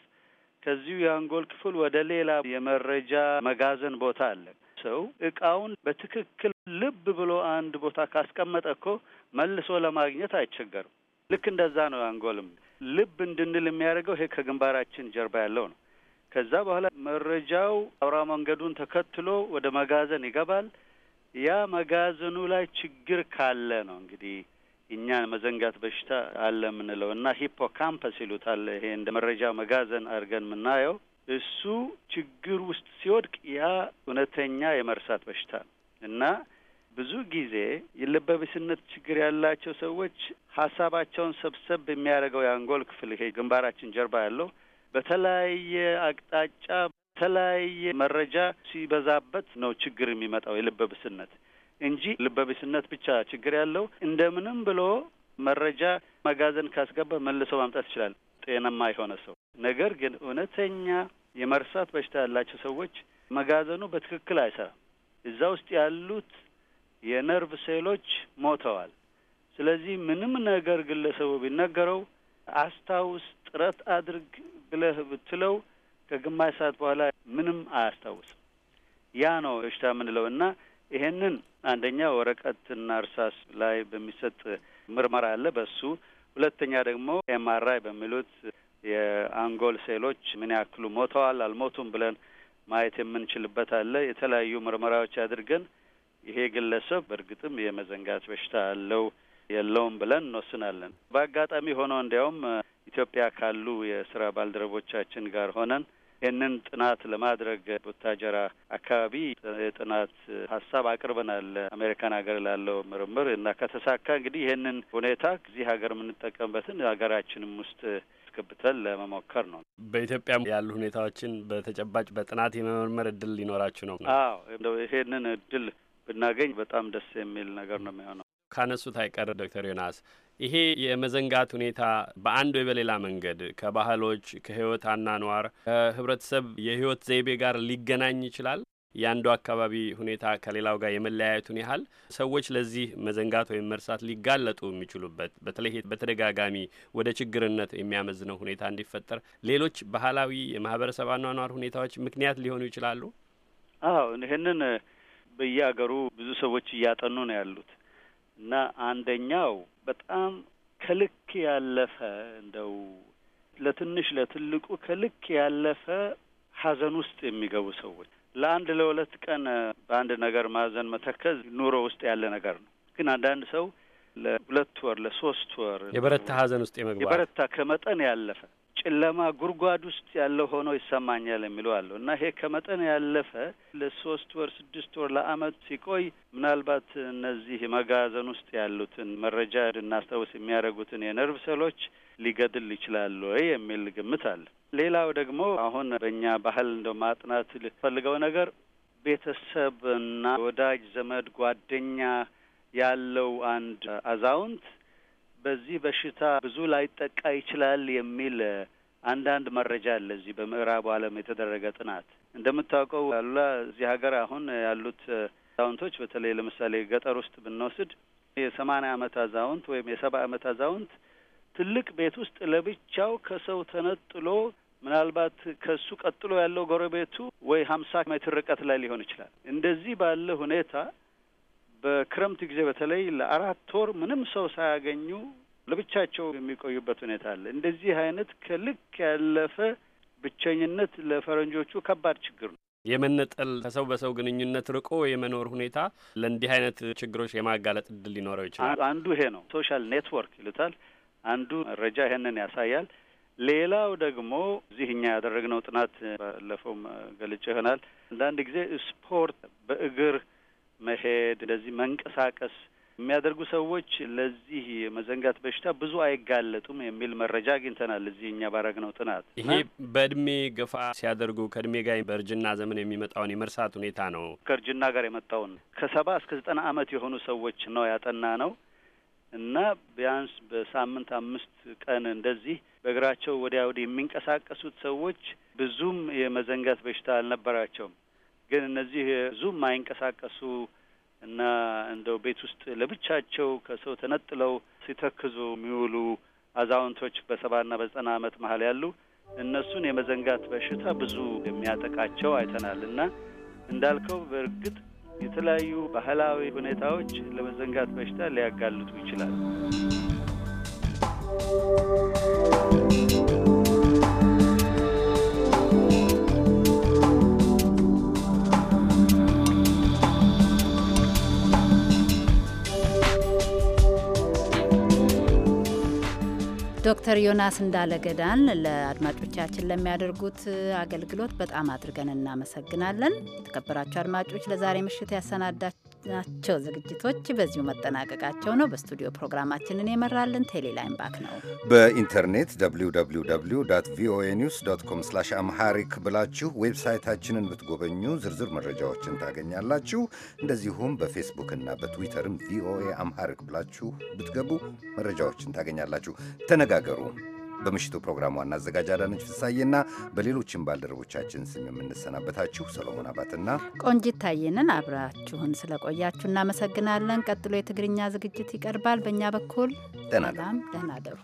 ከዚሁ የአንጎል ክፍል ወደ ሌላ የመረጃ መጋዘን ቦታ አለ። ሰው እቃውን በትክክል ልብ ብሎ አንድ ቦታ ካስቀመጠ እኮ መልሶ ለማግኘት አይቸገርም። ልክ እንደዛ ነው። አንጎልም ልብ እንድንል የሚያደርገው ይሄ ከግንባራችን ጀርባ ያለው ነው። ከዛ በኋላ መረጃው አውራ መንገዱን ተከትሎ ወደ መጋዘን ይገባል። ያ መጋዘኑ ላይ ችግር ካለ ነው እንግዲህ እኛ መዘንጋት በሽታ አለ የምንለው እና ሂፖካምፐስ ይሉታል። ይሄ እንደ መረጃ መጋዘን አድርገን የምናየው እሱ ችግር ውስጥ ሲወድቅ ያ እውነተኛ የመርሳት በሽታ ነው እና ብዙ ጊዜ የልበብስነት ችግር ያላቸው ሰዎች ሀሳባቸውን ሰብሰብ የሚያደርገው የአንጎል ክፍል ይሄ ግንባራችን ጀርባ ያለው በተለያየ አቅጣጫ በተለያየ መረጃ ሲበዛበት ነው ችግር የሚመጣው የልበብስነት እንጂ ልበብስነት ብቻ ችግር ያለው እንደምንም ብሎ መረጃ መጋዘን ካስገባ መልሶ ማምጣት ይችላል ጤናማ የሆነ ሰው ነገር ግን እውነተኛ የመርሳት በሽታ ያላቸው ሰዎች መጋዘኑ በትክክል አይሰራም። እዛ ውስጥ ያሉት የነርቭ ሴሎች ሞተዋል። ስለዚህ ምንም ነገር ግለሰቡ ቢነገረው አስታውስ፣ ጥረት አድርግ ብለህ ብትለው ከግማሽ ሰዓት በኋላ ምንም አያስታውስም። ያ ነው በሽታ የምንለው እና ይሄንን አንደኛ ወረቀትና እርሳስ ላይ በሚሰጥ ምርመራ አለ በሱ ሁለተኛ ደግሞ ኤምአርአይ በሚሉት የአንጎል ሴሎች ምን ያክሉ ሞተዋል አልሞቱም ብለን ማየት የምንችልበት አለ። የተለያዩ ምርመራዎች አድርገን ይሄ ግለሰብ በእርግጥም የመዘንጋት በሽታ አለው የለውም ብለን እንወስናለን። በአጋጣሚ ሆኖ እንዲያውም ኢትዮጵያ ካሉ የስራ ባልደረቦቻችን ጋር ሆነን ይህንን ጥናት ለማድረግ ቡታጀራ አካባቢ የጥናት ሀሳብ አቅርበናል አሜሪካን ሀገር ላለው ምርምር እና ከተሳካ እንግዲህ ይህንን ሁኔታ እዚህ ሀገር የምንጠቀምበትን ሀገራችንም ውስጥ አስገብተን ለመሞከር ነው። በኢትዮጵያ ያሉ ሁኔታዎችን በተጨባጭ በጥናት የመመርመር እድል ሊኖራችሁ ነው? አዎ፣ እንደው ይሄንን እድል ብናገኝ በጣም ደስ የሚል ነገር ነው የሚሆነው። ካነሱት አይቀር ዶክተር ዮናስ ይሄ የመዘንጋት ሁኔታ በአንድ ወይ በሌላ መንገድ ከባህሎች ከህይወት አናኗር ከህብረተሰብ የህይወት ዘይቤ ጋር ሊገናኝ ይችላል። የአንዱ አካባቢ ሁኔታ ከሌላው ጋር የመለያየቱን ያህል ሰዎች ለዚህ መዘንጋት ወይም መርሳት ሊጋለጡ የሚችሉበት በተለይ በተደጋጋሚ ወደ ችግርነት የሚያመዝነው ሁኔታ እንዲፈጠር ሌሎች ባህላዊ የማህበረሰብ አኗኗር ሁኔታዎች ምክንያት ሊሆኑ ይችላሉ። አዎ ይህንን በየሀገሩ ብዙ ሰዎች እያጠኑ ነው ያሉት እና አንደኛው በጣም ከልክ ያለፈ እንደው ለትንሽ ለትልቁ ከልክ ያለፈ ሀዘን ውስጥ የሚገቡ ሰዎች ለአንድ ለሁለት ቀን በአንድ ነገር ማዘን መተከዝ ኑሮ ውስጥ ያለ ነገር ነው። ግን አንዳንድ ሰው ለሁለት ወር ለሶስት ወር የበረታ ሀዘን ውስጥ የመግባት የበረታ ከመጠን ያለፈ ጨለማ ጉድጓድ ውስጥ ያለው ሆኖ ይሰማኛል የሚለው አለው እና ይሄ ከመጠን ያለፈ ለሶስት ወር ስድስት ወር ለአመት ሲቆይ ምናልባት እነዚህ መጋዘን ውስጥ ያሉትን መረጃ እንድናስታውስ የሚያደርጉትን የነርቭ ሰሎች ሊገድል ይችላል ወይ የሚል ግምት አለ። ሌላው ደግሞ አሁን በእኛ ባህል እንደ ማጥናት ልፈልገው ነገር ቤተሰብና ወዳጅ ዘመድ ጓደኛ ያለው አንድ አዛውንት በዚህ በሽታ ብዙ ላይጠቃ ይችላል የሚል አንዳንድ መረጃ አለ። እዚህ በምዕራቡ ዓለም የተደረገ ጥናት እንደምታውቀው አሉላ፣ እዚህ ሀገር አሁን ያሉት አዛውንቶች በተለይ ለምሳሌ ገጠር ውስጥ ብንወስድ የሰማንያ ዓመት አዛውንት ወይም የሰባ ዓመት አዛውንት ትልቅ ቤት ውስጥ ለብቻው ከሰው ተነጥሎ ምናልባት ከሱ ቀጥሎ ያለው ጎረቤቱ ወይ ሀምሳ ሜትር ርቀት ላይ ሊሆን ይችላል። እንደዚህ ባለ ሁኔታ በክረምት ጊዜ በተለይ ለአራት ወር ምንም ሰው ሳያገኙ ለብቻቸው የሚቆዩበት ሁኔታ አለ። እንደዚህ አይነት ከልክ ያለፈ ብቸኝነት ለፈረንጆቹ ከባድ ችግር ነው። የመነጠል ከሰው በሰው ግንኙነት ርቆ የመኖር ሁኔታ ለእንዲህ አይነት ችግሮች የማጋለጥ እድል ሊኖረው ይችላል። አንዱ ይሄ ነው። ሶሻል ኔትወርክ ይሉታል። አንዱ መረጃ ይህንን ያሳያል። ሌላው ደግሞ እዚህ እኛ ያደረግነው ጥናት ባለፈውም ገልጬ ይሆናል። አንዳንድ ጊዜ ስፖርት በእግር መሄድ፣ እንደዚህ መንቀሳቀስ የሚያደርጉ ሰዎች ለዚህ መዘንጋት በሽታ ብዙ አይጋለጡም የሚል መረጃ አግኝተናል። እዚህ እኛ ባረግነው ጥናት ይሄ በእድሜ ገፋ ሲያደርጉ ከእድሜ ጋር በእርጅና ዘመን የሚመጣውን የመርሳት ሁኔታ ነው። ከእርጅና ጋር የመጣውን ከሰባ እስከ ዘጠና አመት የሆኑ ሰዎች ነው ያጠና ነው። እና ቢያንስ በሳምንት አምስት ቀን እንደዚህ በእግራቸው ወዲያ ወዲህ የሚንቀሳቀሱት ሰዎች ብዙም የመዘንጋት በሽታ አልነበራቸውም። ግን እነዚህ ብዙም አይንቀሳቀሱ እና እንደው ቤት ውስጥ ለብቻቸው ከሰው ተነጥለው ሲተክዙ የሚውሉ አዛውንቶች በሰባና በዘጠና ዓመት መሀል ያሉ እነሱን የመዘንጋት በሽታ ብዙ የሚያጠቃቸው አይተናል እና እንዳልከው በእርግጥ የተለያዩ ባህላዊ ሁኔታዎች ለመዘንጋት በሽታ ሊያጋልጡ ይችላል። ዶክተር ዮናስ እንዳለገዳን ለአድማጮቻችን ለሚያደርጉት አገልግሎት በጣም አድርገን እናመሰግናለን። የተከበራቸው አድማጮች ለዛሬ ምሽት ያሰናዳቸው ናቸው ዝግጅቶች በዚሁ መጠናቀቃቸው ነው። በስቱዲዮ ፕሮግራማችንን የመራልን ቴሌላይን ባክ ነው። በኢንተርኔት www ቪኦኤ ኒውስ ዶት ኮም ስላሽ አምሃሪክ ብላችሁ ዌብሳይታችንን ብትጎበኙ ዝርዝር መረጃዎችን ታገኛላችሁ። እንደዚሁም በፌስቡክና በትዊተርም ቪኦኤ አምሃሪክ ብላችሁ ብትገቡ መረጃዎችን ታገኛላችሁ። ተነጋገሩ። በምሽቱ ፕሮግራም ዋና አዘጋጅ አዳነች ፍሳዬና በሌሎችም ባልደረቦቻችን ስም የምንሰናበታችሁ ሰሎሞን አባትና ቆንጂት ታየንን አብራችሁን ስለቆያችሁ እናመሰግናለን። ቀጥሎ የትግርኛ ዝግጅት ይቀርባል። በእኛ በኩል ደናም ደህና ደሩ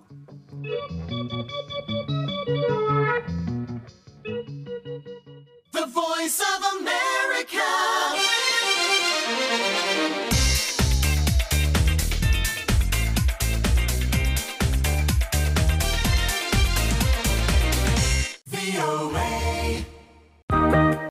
Radio.